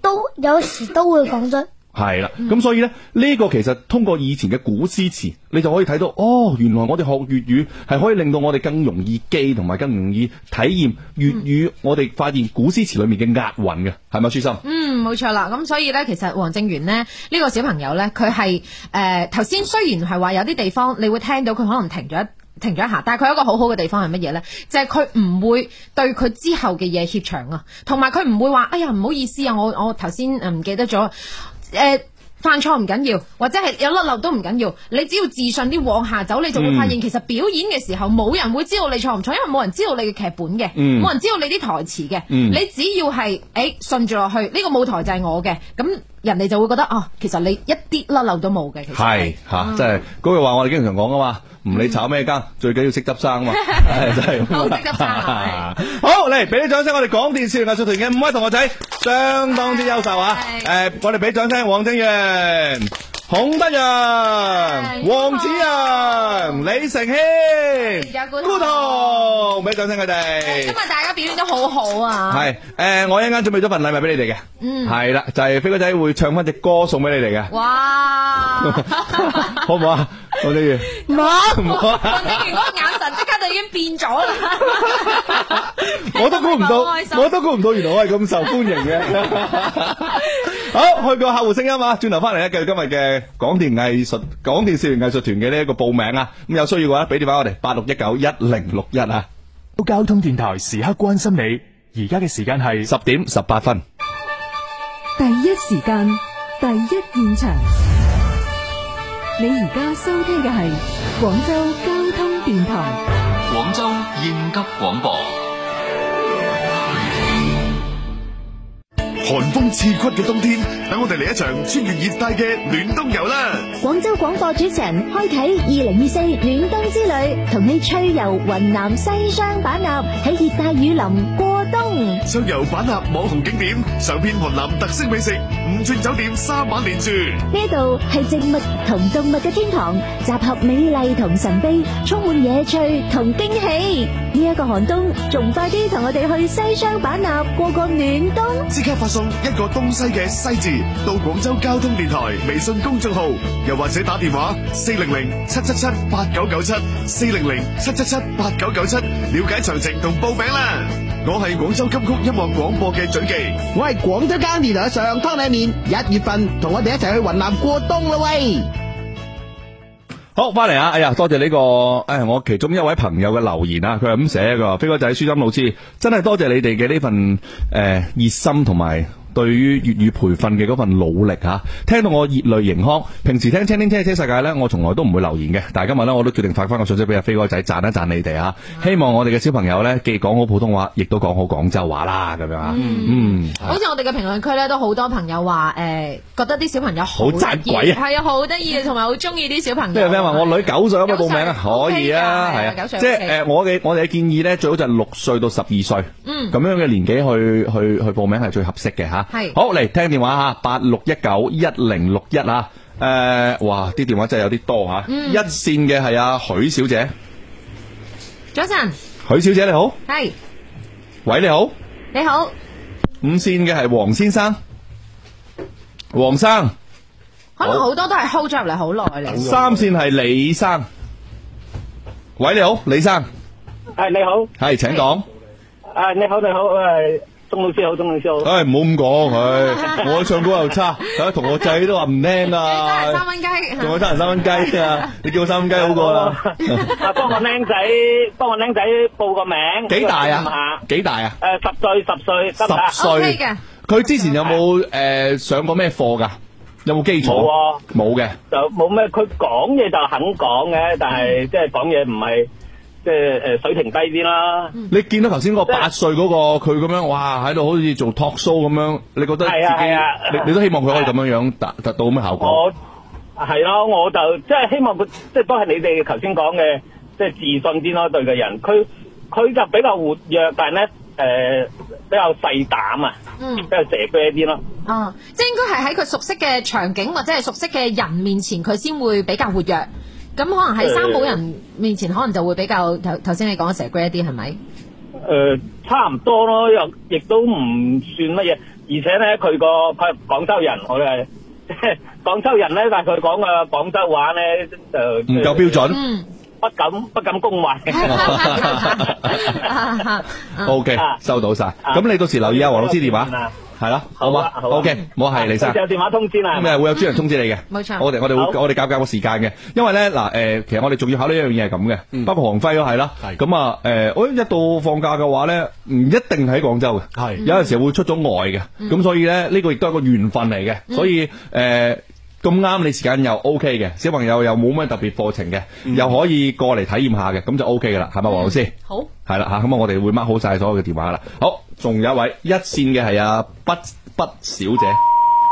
都有時都會講樽。係啦，咁所以呢，呢、呢個其實通過以前嘅古詩詞，你就可以睇到哦。原來我哋學粵語係可以令到我哋更容易記，同埋更容易體驗粵語。嗯、我哋發現古詩詞裏面嘅押韻嘅係咪？舒心嗯，冇錯啦。咁所以呢，其實黃正源呢，呢、呢個小朋友呢，佢係誒頭先雖然係話有啲地方你會聽到佢可能停咗一停咗一下，但係佢有一個好好嘅地方係乜嘢呢？就係佢唔會對佢之後嘅嘢怯場啊，同埋佢唔會話哎呀唔好意思啊，我我頭先唔記得咗。誒、欸，犯錯唔緊要緊，或者係有甩漏都唔緊要緊。你只要自信啲往下走，你就會發現、嗯、其實表演嘅時候冇人會知道你錯唔錯，因為冇人知道你嘅劇本嘅，冇、嗯、人知道你啲台詞嘅、嗯。你只要係誒順住落去，呢、這個舞台就係我嘅，咁人哋就會覺得哦，其實你一啲甩漏都冇嘅。其實係吓、嗯，即係嗰句話我哋經常講噶嘛。唔理炒咩羹，嗯、最緊要識執生嘛，唉， [LAUGHS] 真係。好，嚟俾啲掌聲，我哋廣電視藝術團嘅五位同學仔，相當之優秀啊！誒、哎，我哋俾掌聲，黃正源。孔德陽、yeah, 王子陽、李成軒、古棠，俾掌聲佢哋。今日大家表現得好好啊！係誒，我一陣間準備咗份禮物俾你哋嘅，係、嗯、啦，就係、是、飛哥仔會唱翻隻歌送俾你哋嘅。哇！ [LAUGHS] 好唔不好啊？好 [LAUGHS] 我都要。媽、嗯！ [LAUGHS] [LAUGHS] 我眼神即刻就已經變咗啦。我都估唔到，我都估唔到，原來我係咁受歡迎嘅。 [LAUGHS] 好，去個客戶聲音啊，轉頭翻嚟咧，繼續今日嘅。港電藝術港電少年藝術團嘅呢一個報名啊，咁有需要嘅話，俾電話我哋八六一九一零六一啊。都交通電台時刻關心你，而家嘅時間係十點十八分。第一時間，第一現場，你而家收聽嘅係廣州交通電台，廣州應急廣播。寒風刺骨嘅冬天，等我哋嚟一場穿越熱帶嘅暖冬遊啦！廣州廣播主持人開啟二零二四暖冬之旅，同你趣遊雲南西雙版納，喺熱帶雨林過冬，暢遊版納網紅景點，嘗遍雲南特色美食，五鑽酒店三晚連住。呢度係植物同動物嘅天堂，集合美麗同神秘，充滿野趣同驚喜。呢一個寒冬，仲快啲同我哋去西雙版納過個暖冬！即刻發送。一個東西嘅西字，到廣州交通電台微信公眾號，又或者打電話四零零七七七八九九七，四零零七七七八九九七，了解詳情同報名啦。我係廣州金曲音樂廣播嘅准記，我係廣州間電台上湯底面，一月份同我哋一齊去雲南過冬啦喂。好，翻嚟啊！哎呀，多謝呢、這個誒、哎，我其中一位朋友嘅留言啊，佢係咁寫㗎，飛哥仔、舒心老師，真係多謝你哋嘅呢份誒、呃、熱心同埋對於粵語培訓嘅嗰份努力啊，聽到我熱淚盈眶。平時聽《車天車地車世界》呢，我從來都唔會留言嘅。但係今日咧，我都決定發翻個信息俾阿飛哥仔，讚一讚你哋啊！希望我哋嘅小朋友呢，既講好普通話，亦都講好廣州話啦，咁樣啊。嗯，好似我哋嘅評論區呢，都好多朋友話誒、欸，覺得啲小朋友好紮鬼啊，係啊，好得意啊，同埋好中意啲小朋友。話、啊啊啊、我女九歲咁可報名啊？可以啊，係、啊。即係、啊就是呃、我嘅我哋嘅建議呢，最好就係六歲到十二歲，咁、嗯、樣嘅年紀去去去，去報名係最合適嘅。係好嚟聽電話吓，八六一九一零六一啊！誒，哇，啲電話真係有啲多吓。一線嘅係阿許小姐，早晨，許小姐你好，係，喂，你好，你好。五線嘅係黃先生，黃生，可能好多都係 hold 咗入嚟好耐嚟。三線係李生，喂，你好，李生，係你好，係請講，誒你好你好誒。鍾老師好，鍾老師好。唉，唔好咁講，佢，我唱歌又差，同我仔都話唔聽啊。三蚊雞，仲有三蚊雞啊！你叫我三蚊雞好過啦。啊，幫個僆仔，幫個僆仔報個名。幾大啊？幾大啊？誒，十歲，十歲，十歲。O K 嘅。佢之前有冇誒上過咩課噶？有冇基礎？冇嘅。就冇咩，佢講嘢就肯講嘅，但係即係講嘢唔係。即係誒水平低啲啦。你見到頭先個八歲嗰個佢咁樣，哇喺度好似做 talk show 咁樣，你覺得自己你你都希望佢可以咁樣樣達達到咩效果？我係咯，我就即係希望佢，即係都係你哋頭先講嘅，即係自信啲咯。對嘅人，佢佢就比較活躍，但係咧誒比較細膽啊，比較蛇啤啲咯。啊，即係應該係喺佢熟悉嘅場景或者係熟悉嘅人面前，佢先會比較活躍。咁可能喺三保人面前，可能就會比較頭頭先你講嘅成 grade 啲，係咪？誒，差唔多咯，又亦都唔算乜嘢。而且咧，佢個派廣州人，我哋係廣州人咧，但係佢講嘅廣州話咧，就唔夠標準。嗯，不敢不敢恭維。OK，收到曬。咁你到時留意阿黃老師電話。係啦，好嘛、啊啊、，OK，冇、嗯、係，李生有電話通知啦，咁啊會有專人通知你嘅，冇、嗯、錯，我哋我哋會我哋搞搞個時間嘅，因為咧嗱，誒，其實我哋仲要考慮一樣嘢係咁嘅，包括航輝都係啦，係，咁啊，誒、欸，我一到放假嘅話咧，唔一定喺廣州嘅，係，有陣時會出咗外嘅，咁、嗯、所以咧呢、這個亦都係一個緣分嚟嘅，所以誒。欸咁啱你時間又 O K 嘅，小朋友又冇咩特別課程嘅，嗯，又可以過嚟體驗下嘅，咁就 O K 噶啦，係，嗯，咪？黃老師？好，係啦吓，咁啊我哋會 mark 好晒所有嘅電話啦。好，仲有一位一線嘅係阿筆筆小姐，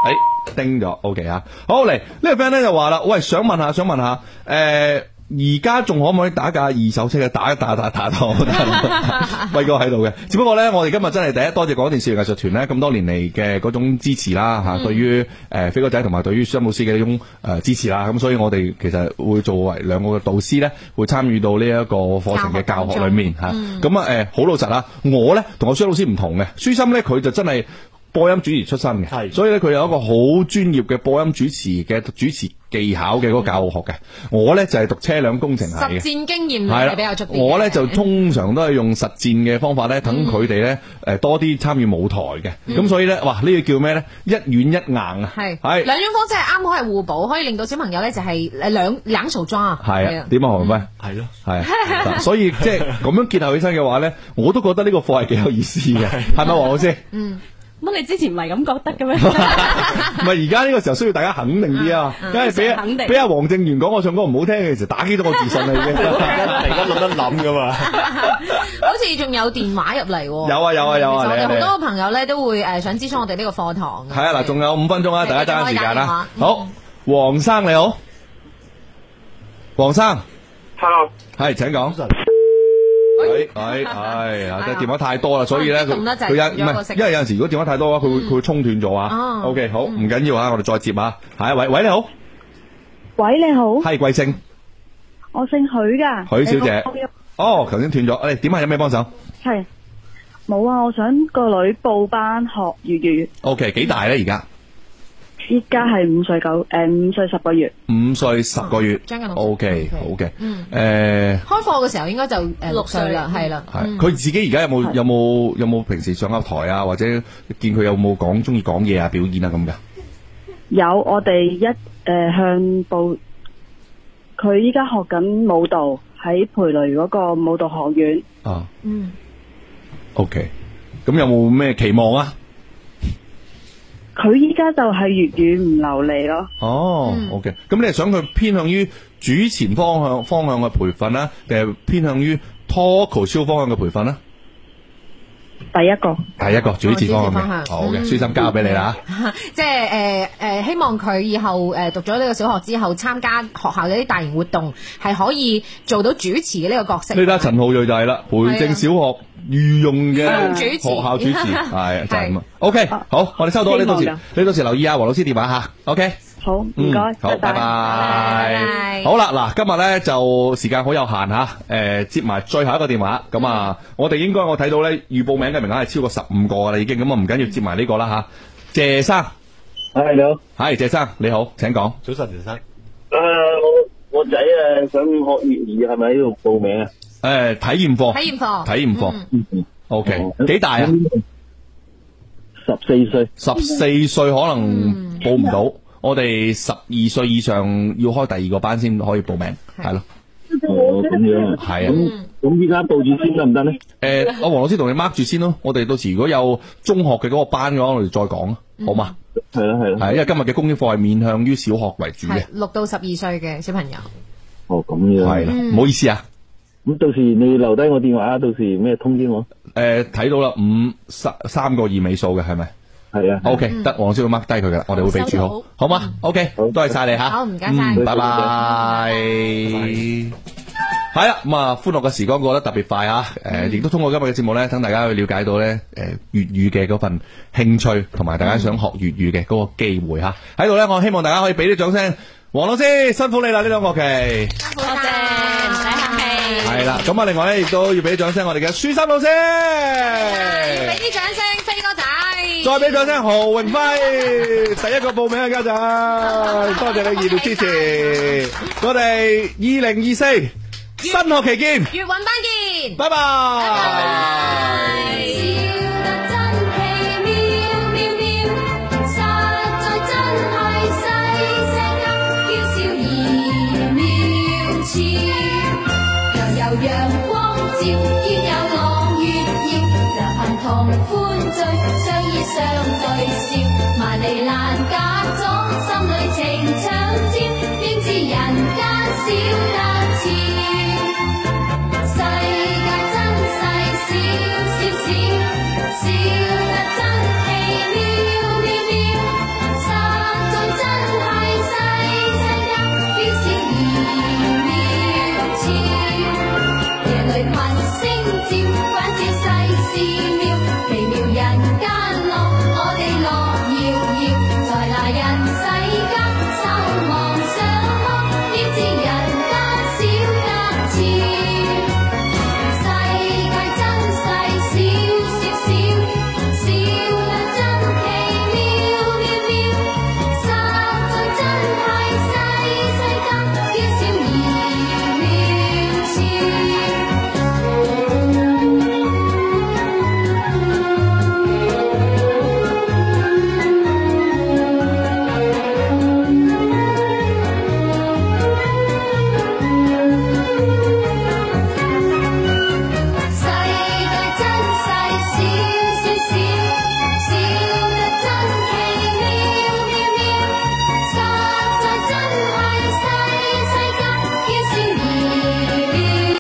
哎，叮咗 O K 啊。好嚟，呢，這個 friend 咧就話啦，喂，想問下，想問下，誒，欸。而家仲可唔可以打架？二手車嘅打一打打打打輝哥喺度嘅。 [LAUGHS] 只不過呢，我哋今日真係第一，多謝港電視藝術團呢咁多年嚟嘅嗰種支持啦吓、嗯，對於誒飛哥仔同埋對於張老師嘅呢種誒支持啦。咁所以我哋其實會作為兩個導師呢，會參與到呢一個課程嘅教學裏面吓。咁啊誒，好、嗯嗯、老實啦我呢同我張老師唔同嘅，舒心呢，佢就真係。播音主持出身嘅，係，所以咧佢有一個好專業嘅播音主持嘅主持技巧嘅個教學嘅。我咧就係讀車輛工程，實戰經驗係比較足。我咧就通常都係用實戰嘅方法咧，等佢哋咧誒多啲參與舞台嘅。咁、嗯、所以咧，哇呢、這個叫咩咧？一軟一硬啊！係係兩樣方式係啱好係互補，可以令到小朋友咧就係兩層曹裝啊！係啊，點啊，黃係咯，係、嗯、啊， [LAUGHS] 所以即係咁樣結合起身嘅話咧，我都覺得呢個課係幾有意思嘅，係咪黃老師？嗯。乜你之前唔係咁覺得嘅咩？唔係而家呢個時候需要大家肯定啲啊！梗係俾俾阿王正源講我唱歌唔好聽嘅時候，打擊到我自信啦已經！大家大家諗一諗噶嘛。好似仲有電話入嚟，有啊有啊有啊！有好、啊啊啊、多朋友咧都會誒想支持我哋呢個課堂。係啊嗱，仲有五分鐘啊，大家揸緊時間啦。好，王生你好，王生，Hello，係，請講。係係，即係電話太多啦，所以咧佢佢因唔係，因為有陣時，如果電話太多嘅話，佢會佢會沖斷咗啊。OK，好，唔緊要啊，我哋再接啊。下一位，喂喂，你好，喂你好，係貴姓？我姓許㗎，許小姐。哦，頭先斷咗，誒，點啊？有咩幫手？係冇啊，我想個女報班學粵語。OK，幾大咧而家？依家係五歲九，誒五歲十個月，五歲十個月，將近六歲。O K，好嘅，嗯，誒，開課嘅時候應該就誒六歲啦，係啦。係，佢自己而家有冇有冇有冇平時上下台啊，或者見佢有冇講中意講嘢啊，表演啊咁噶？有，我哋一誒向報，佢依家學緊舞蹈，喺蓓蕾嗰個舞蹈學院。哦，嗯。O K，咁有冇咩期望啊？佢依家就係粵語唔流利咯。哦，OK。咁、嗯、你係想佢偏向於主持方向方向嘅培訓啦定係偏向於 talk show 方向嘅培訓咧？第一個第一個主持方向嘅，好嘅，舒、嗯、心交俾你啦。即係誒誒希望佢以後誒、呃、讀咗呢個小學之後參加學校嗰啲大型活動，係可以做到主持嘅呢個角色。呢家陳浩睿就係啦，啊，培正小學。御用嘅學校主持，係就係咁啊。OK，好，我哋收到，你到時，你到時留意下，黃老師電話吓。OK，好，唔該，好，拜拜。好啦，嗱，今日咧就時間好有限吓，誒，接埋最後一個電話。咁啊，我哋應該我睇到咧，預報名嘅名額係超過十五個啦，已經。咁啊，唔緊要，接埋呢個啦吓。謝生，係，你好，係謝生你好，請講。早晨，謝生。誒，我我仔誒想學粵語，係咪喺度報名啊？誒、呃，體驗課，體驗課，體驗課。O K，幾大啊？十四歲，十四歲可能報唔到、嗯。我哋十二歲以上要開第二個班先可以報名，係咯。咁樣，係、哦、啊。咁，咁依家報住先得唔得咧？誒、呃，阿黃老師同你 mark 住先咯。我哋到時如果有中學嘅嗰個班嘅話，我哋再講啊，好嘛？係啦，係啦。係，因為今日嘅公益課係面向於小學為主嘅，六到十二歲嘅小朋友。哦，咁樣係啦，唔、嗯嗯、好意思啊。咁到時你留低我電話啊，到時有咩通知我？呃，睇到啦，五三個二尾數嘅係咪？係啊，OK，得黃老師會 mark 低佢㗎，我哋會備註好，好嘛。OK，多謝晒你，唔該晒，拜拜。係啦，咁啊，另外咧，亦都要俾掌聲我哋嘅舒心老師，俾啲掌聲飛哥仔，再俾掌聲何永輝， [LAUGHS] 第一個報名嘅家陣， [LAUGHS] 多謝你熱烈支持， [LAUGHS] 我哋二零二四新學期見，粵韻班見，拜拜。Bye bye bye bye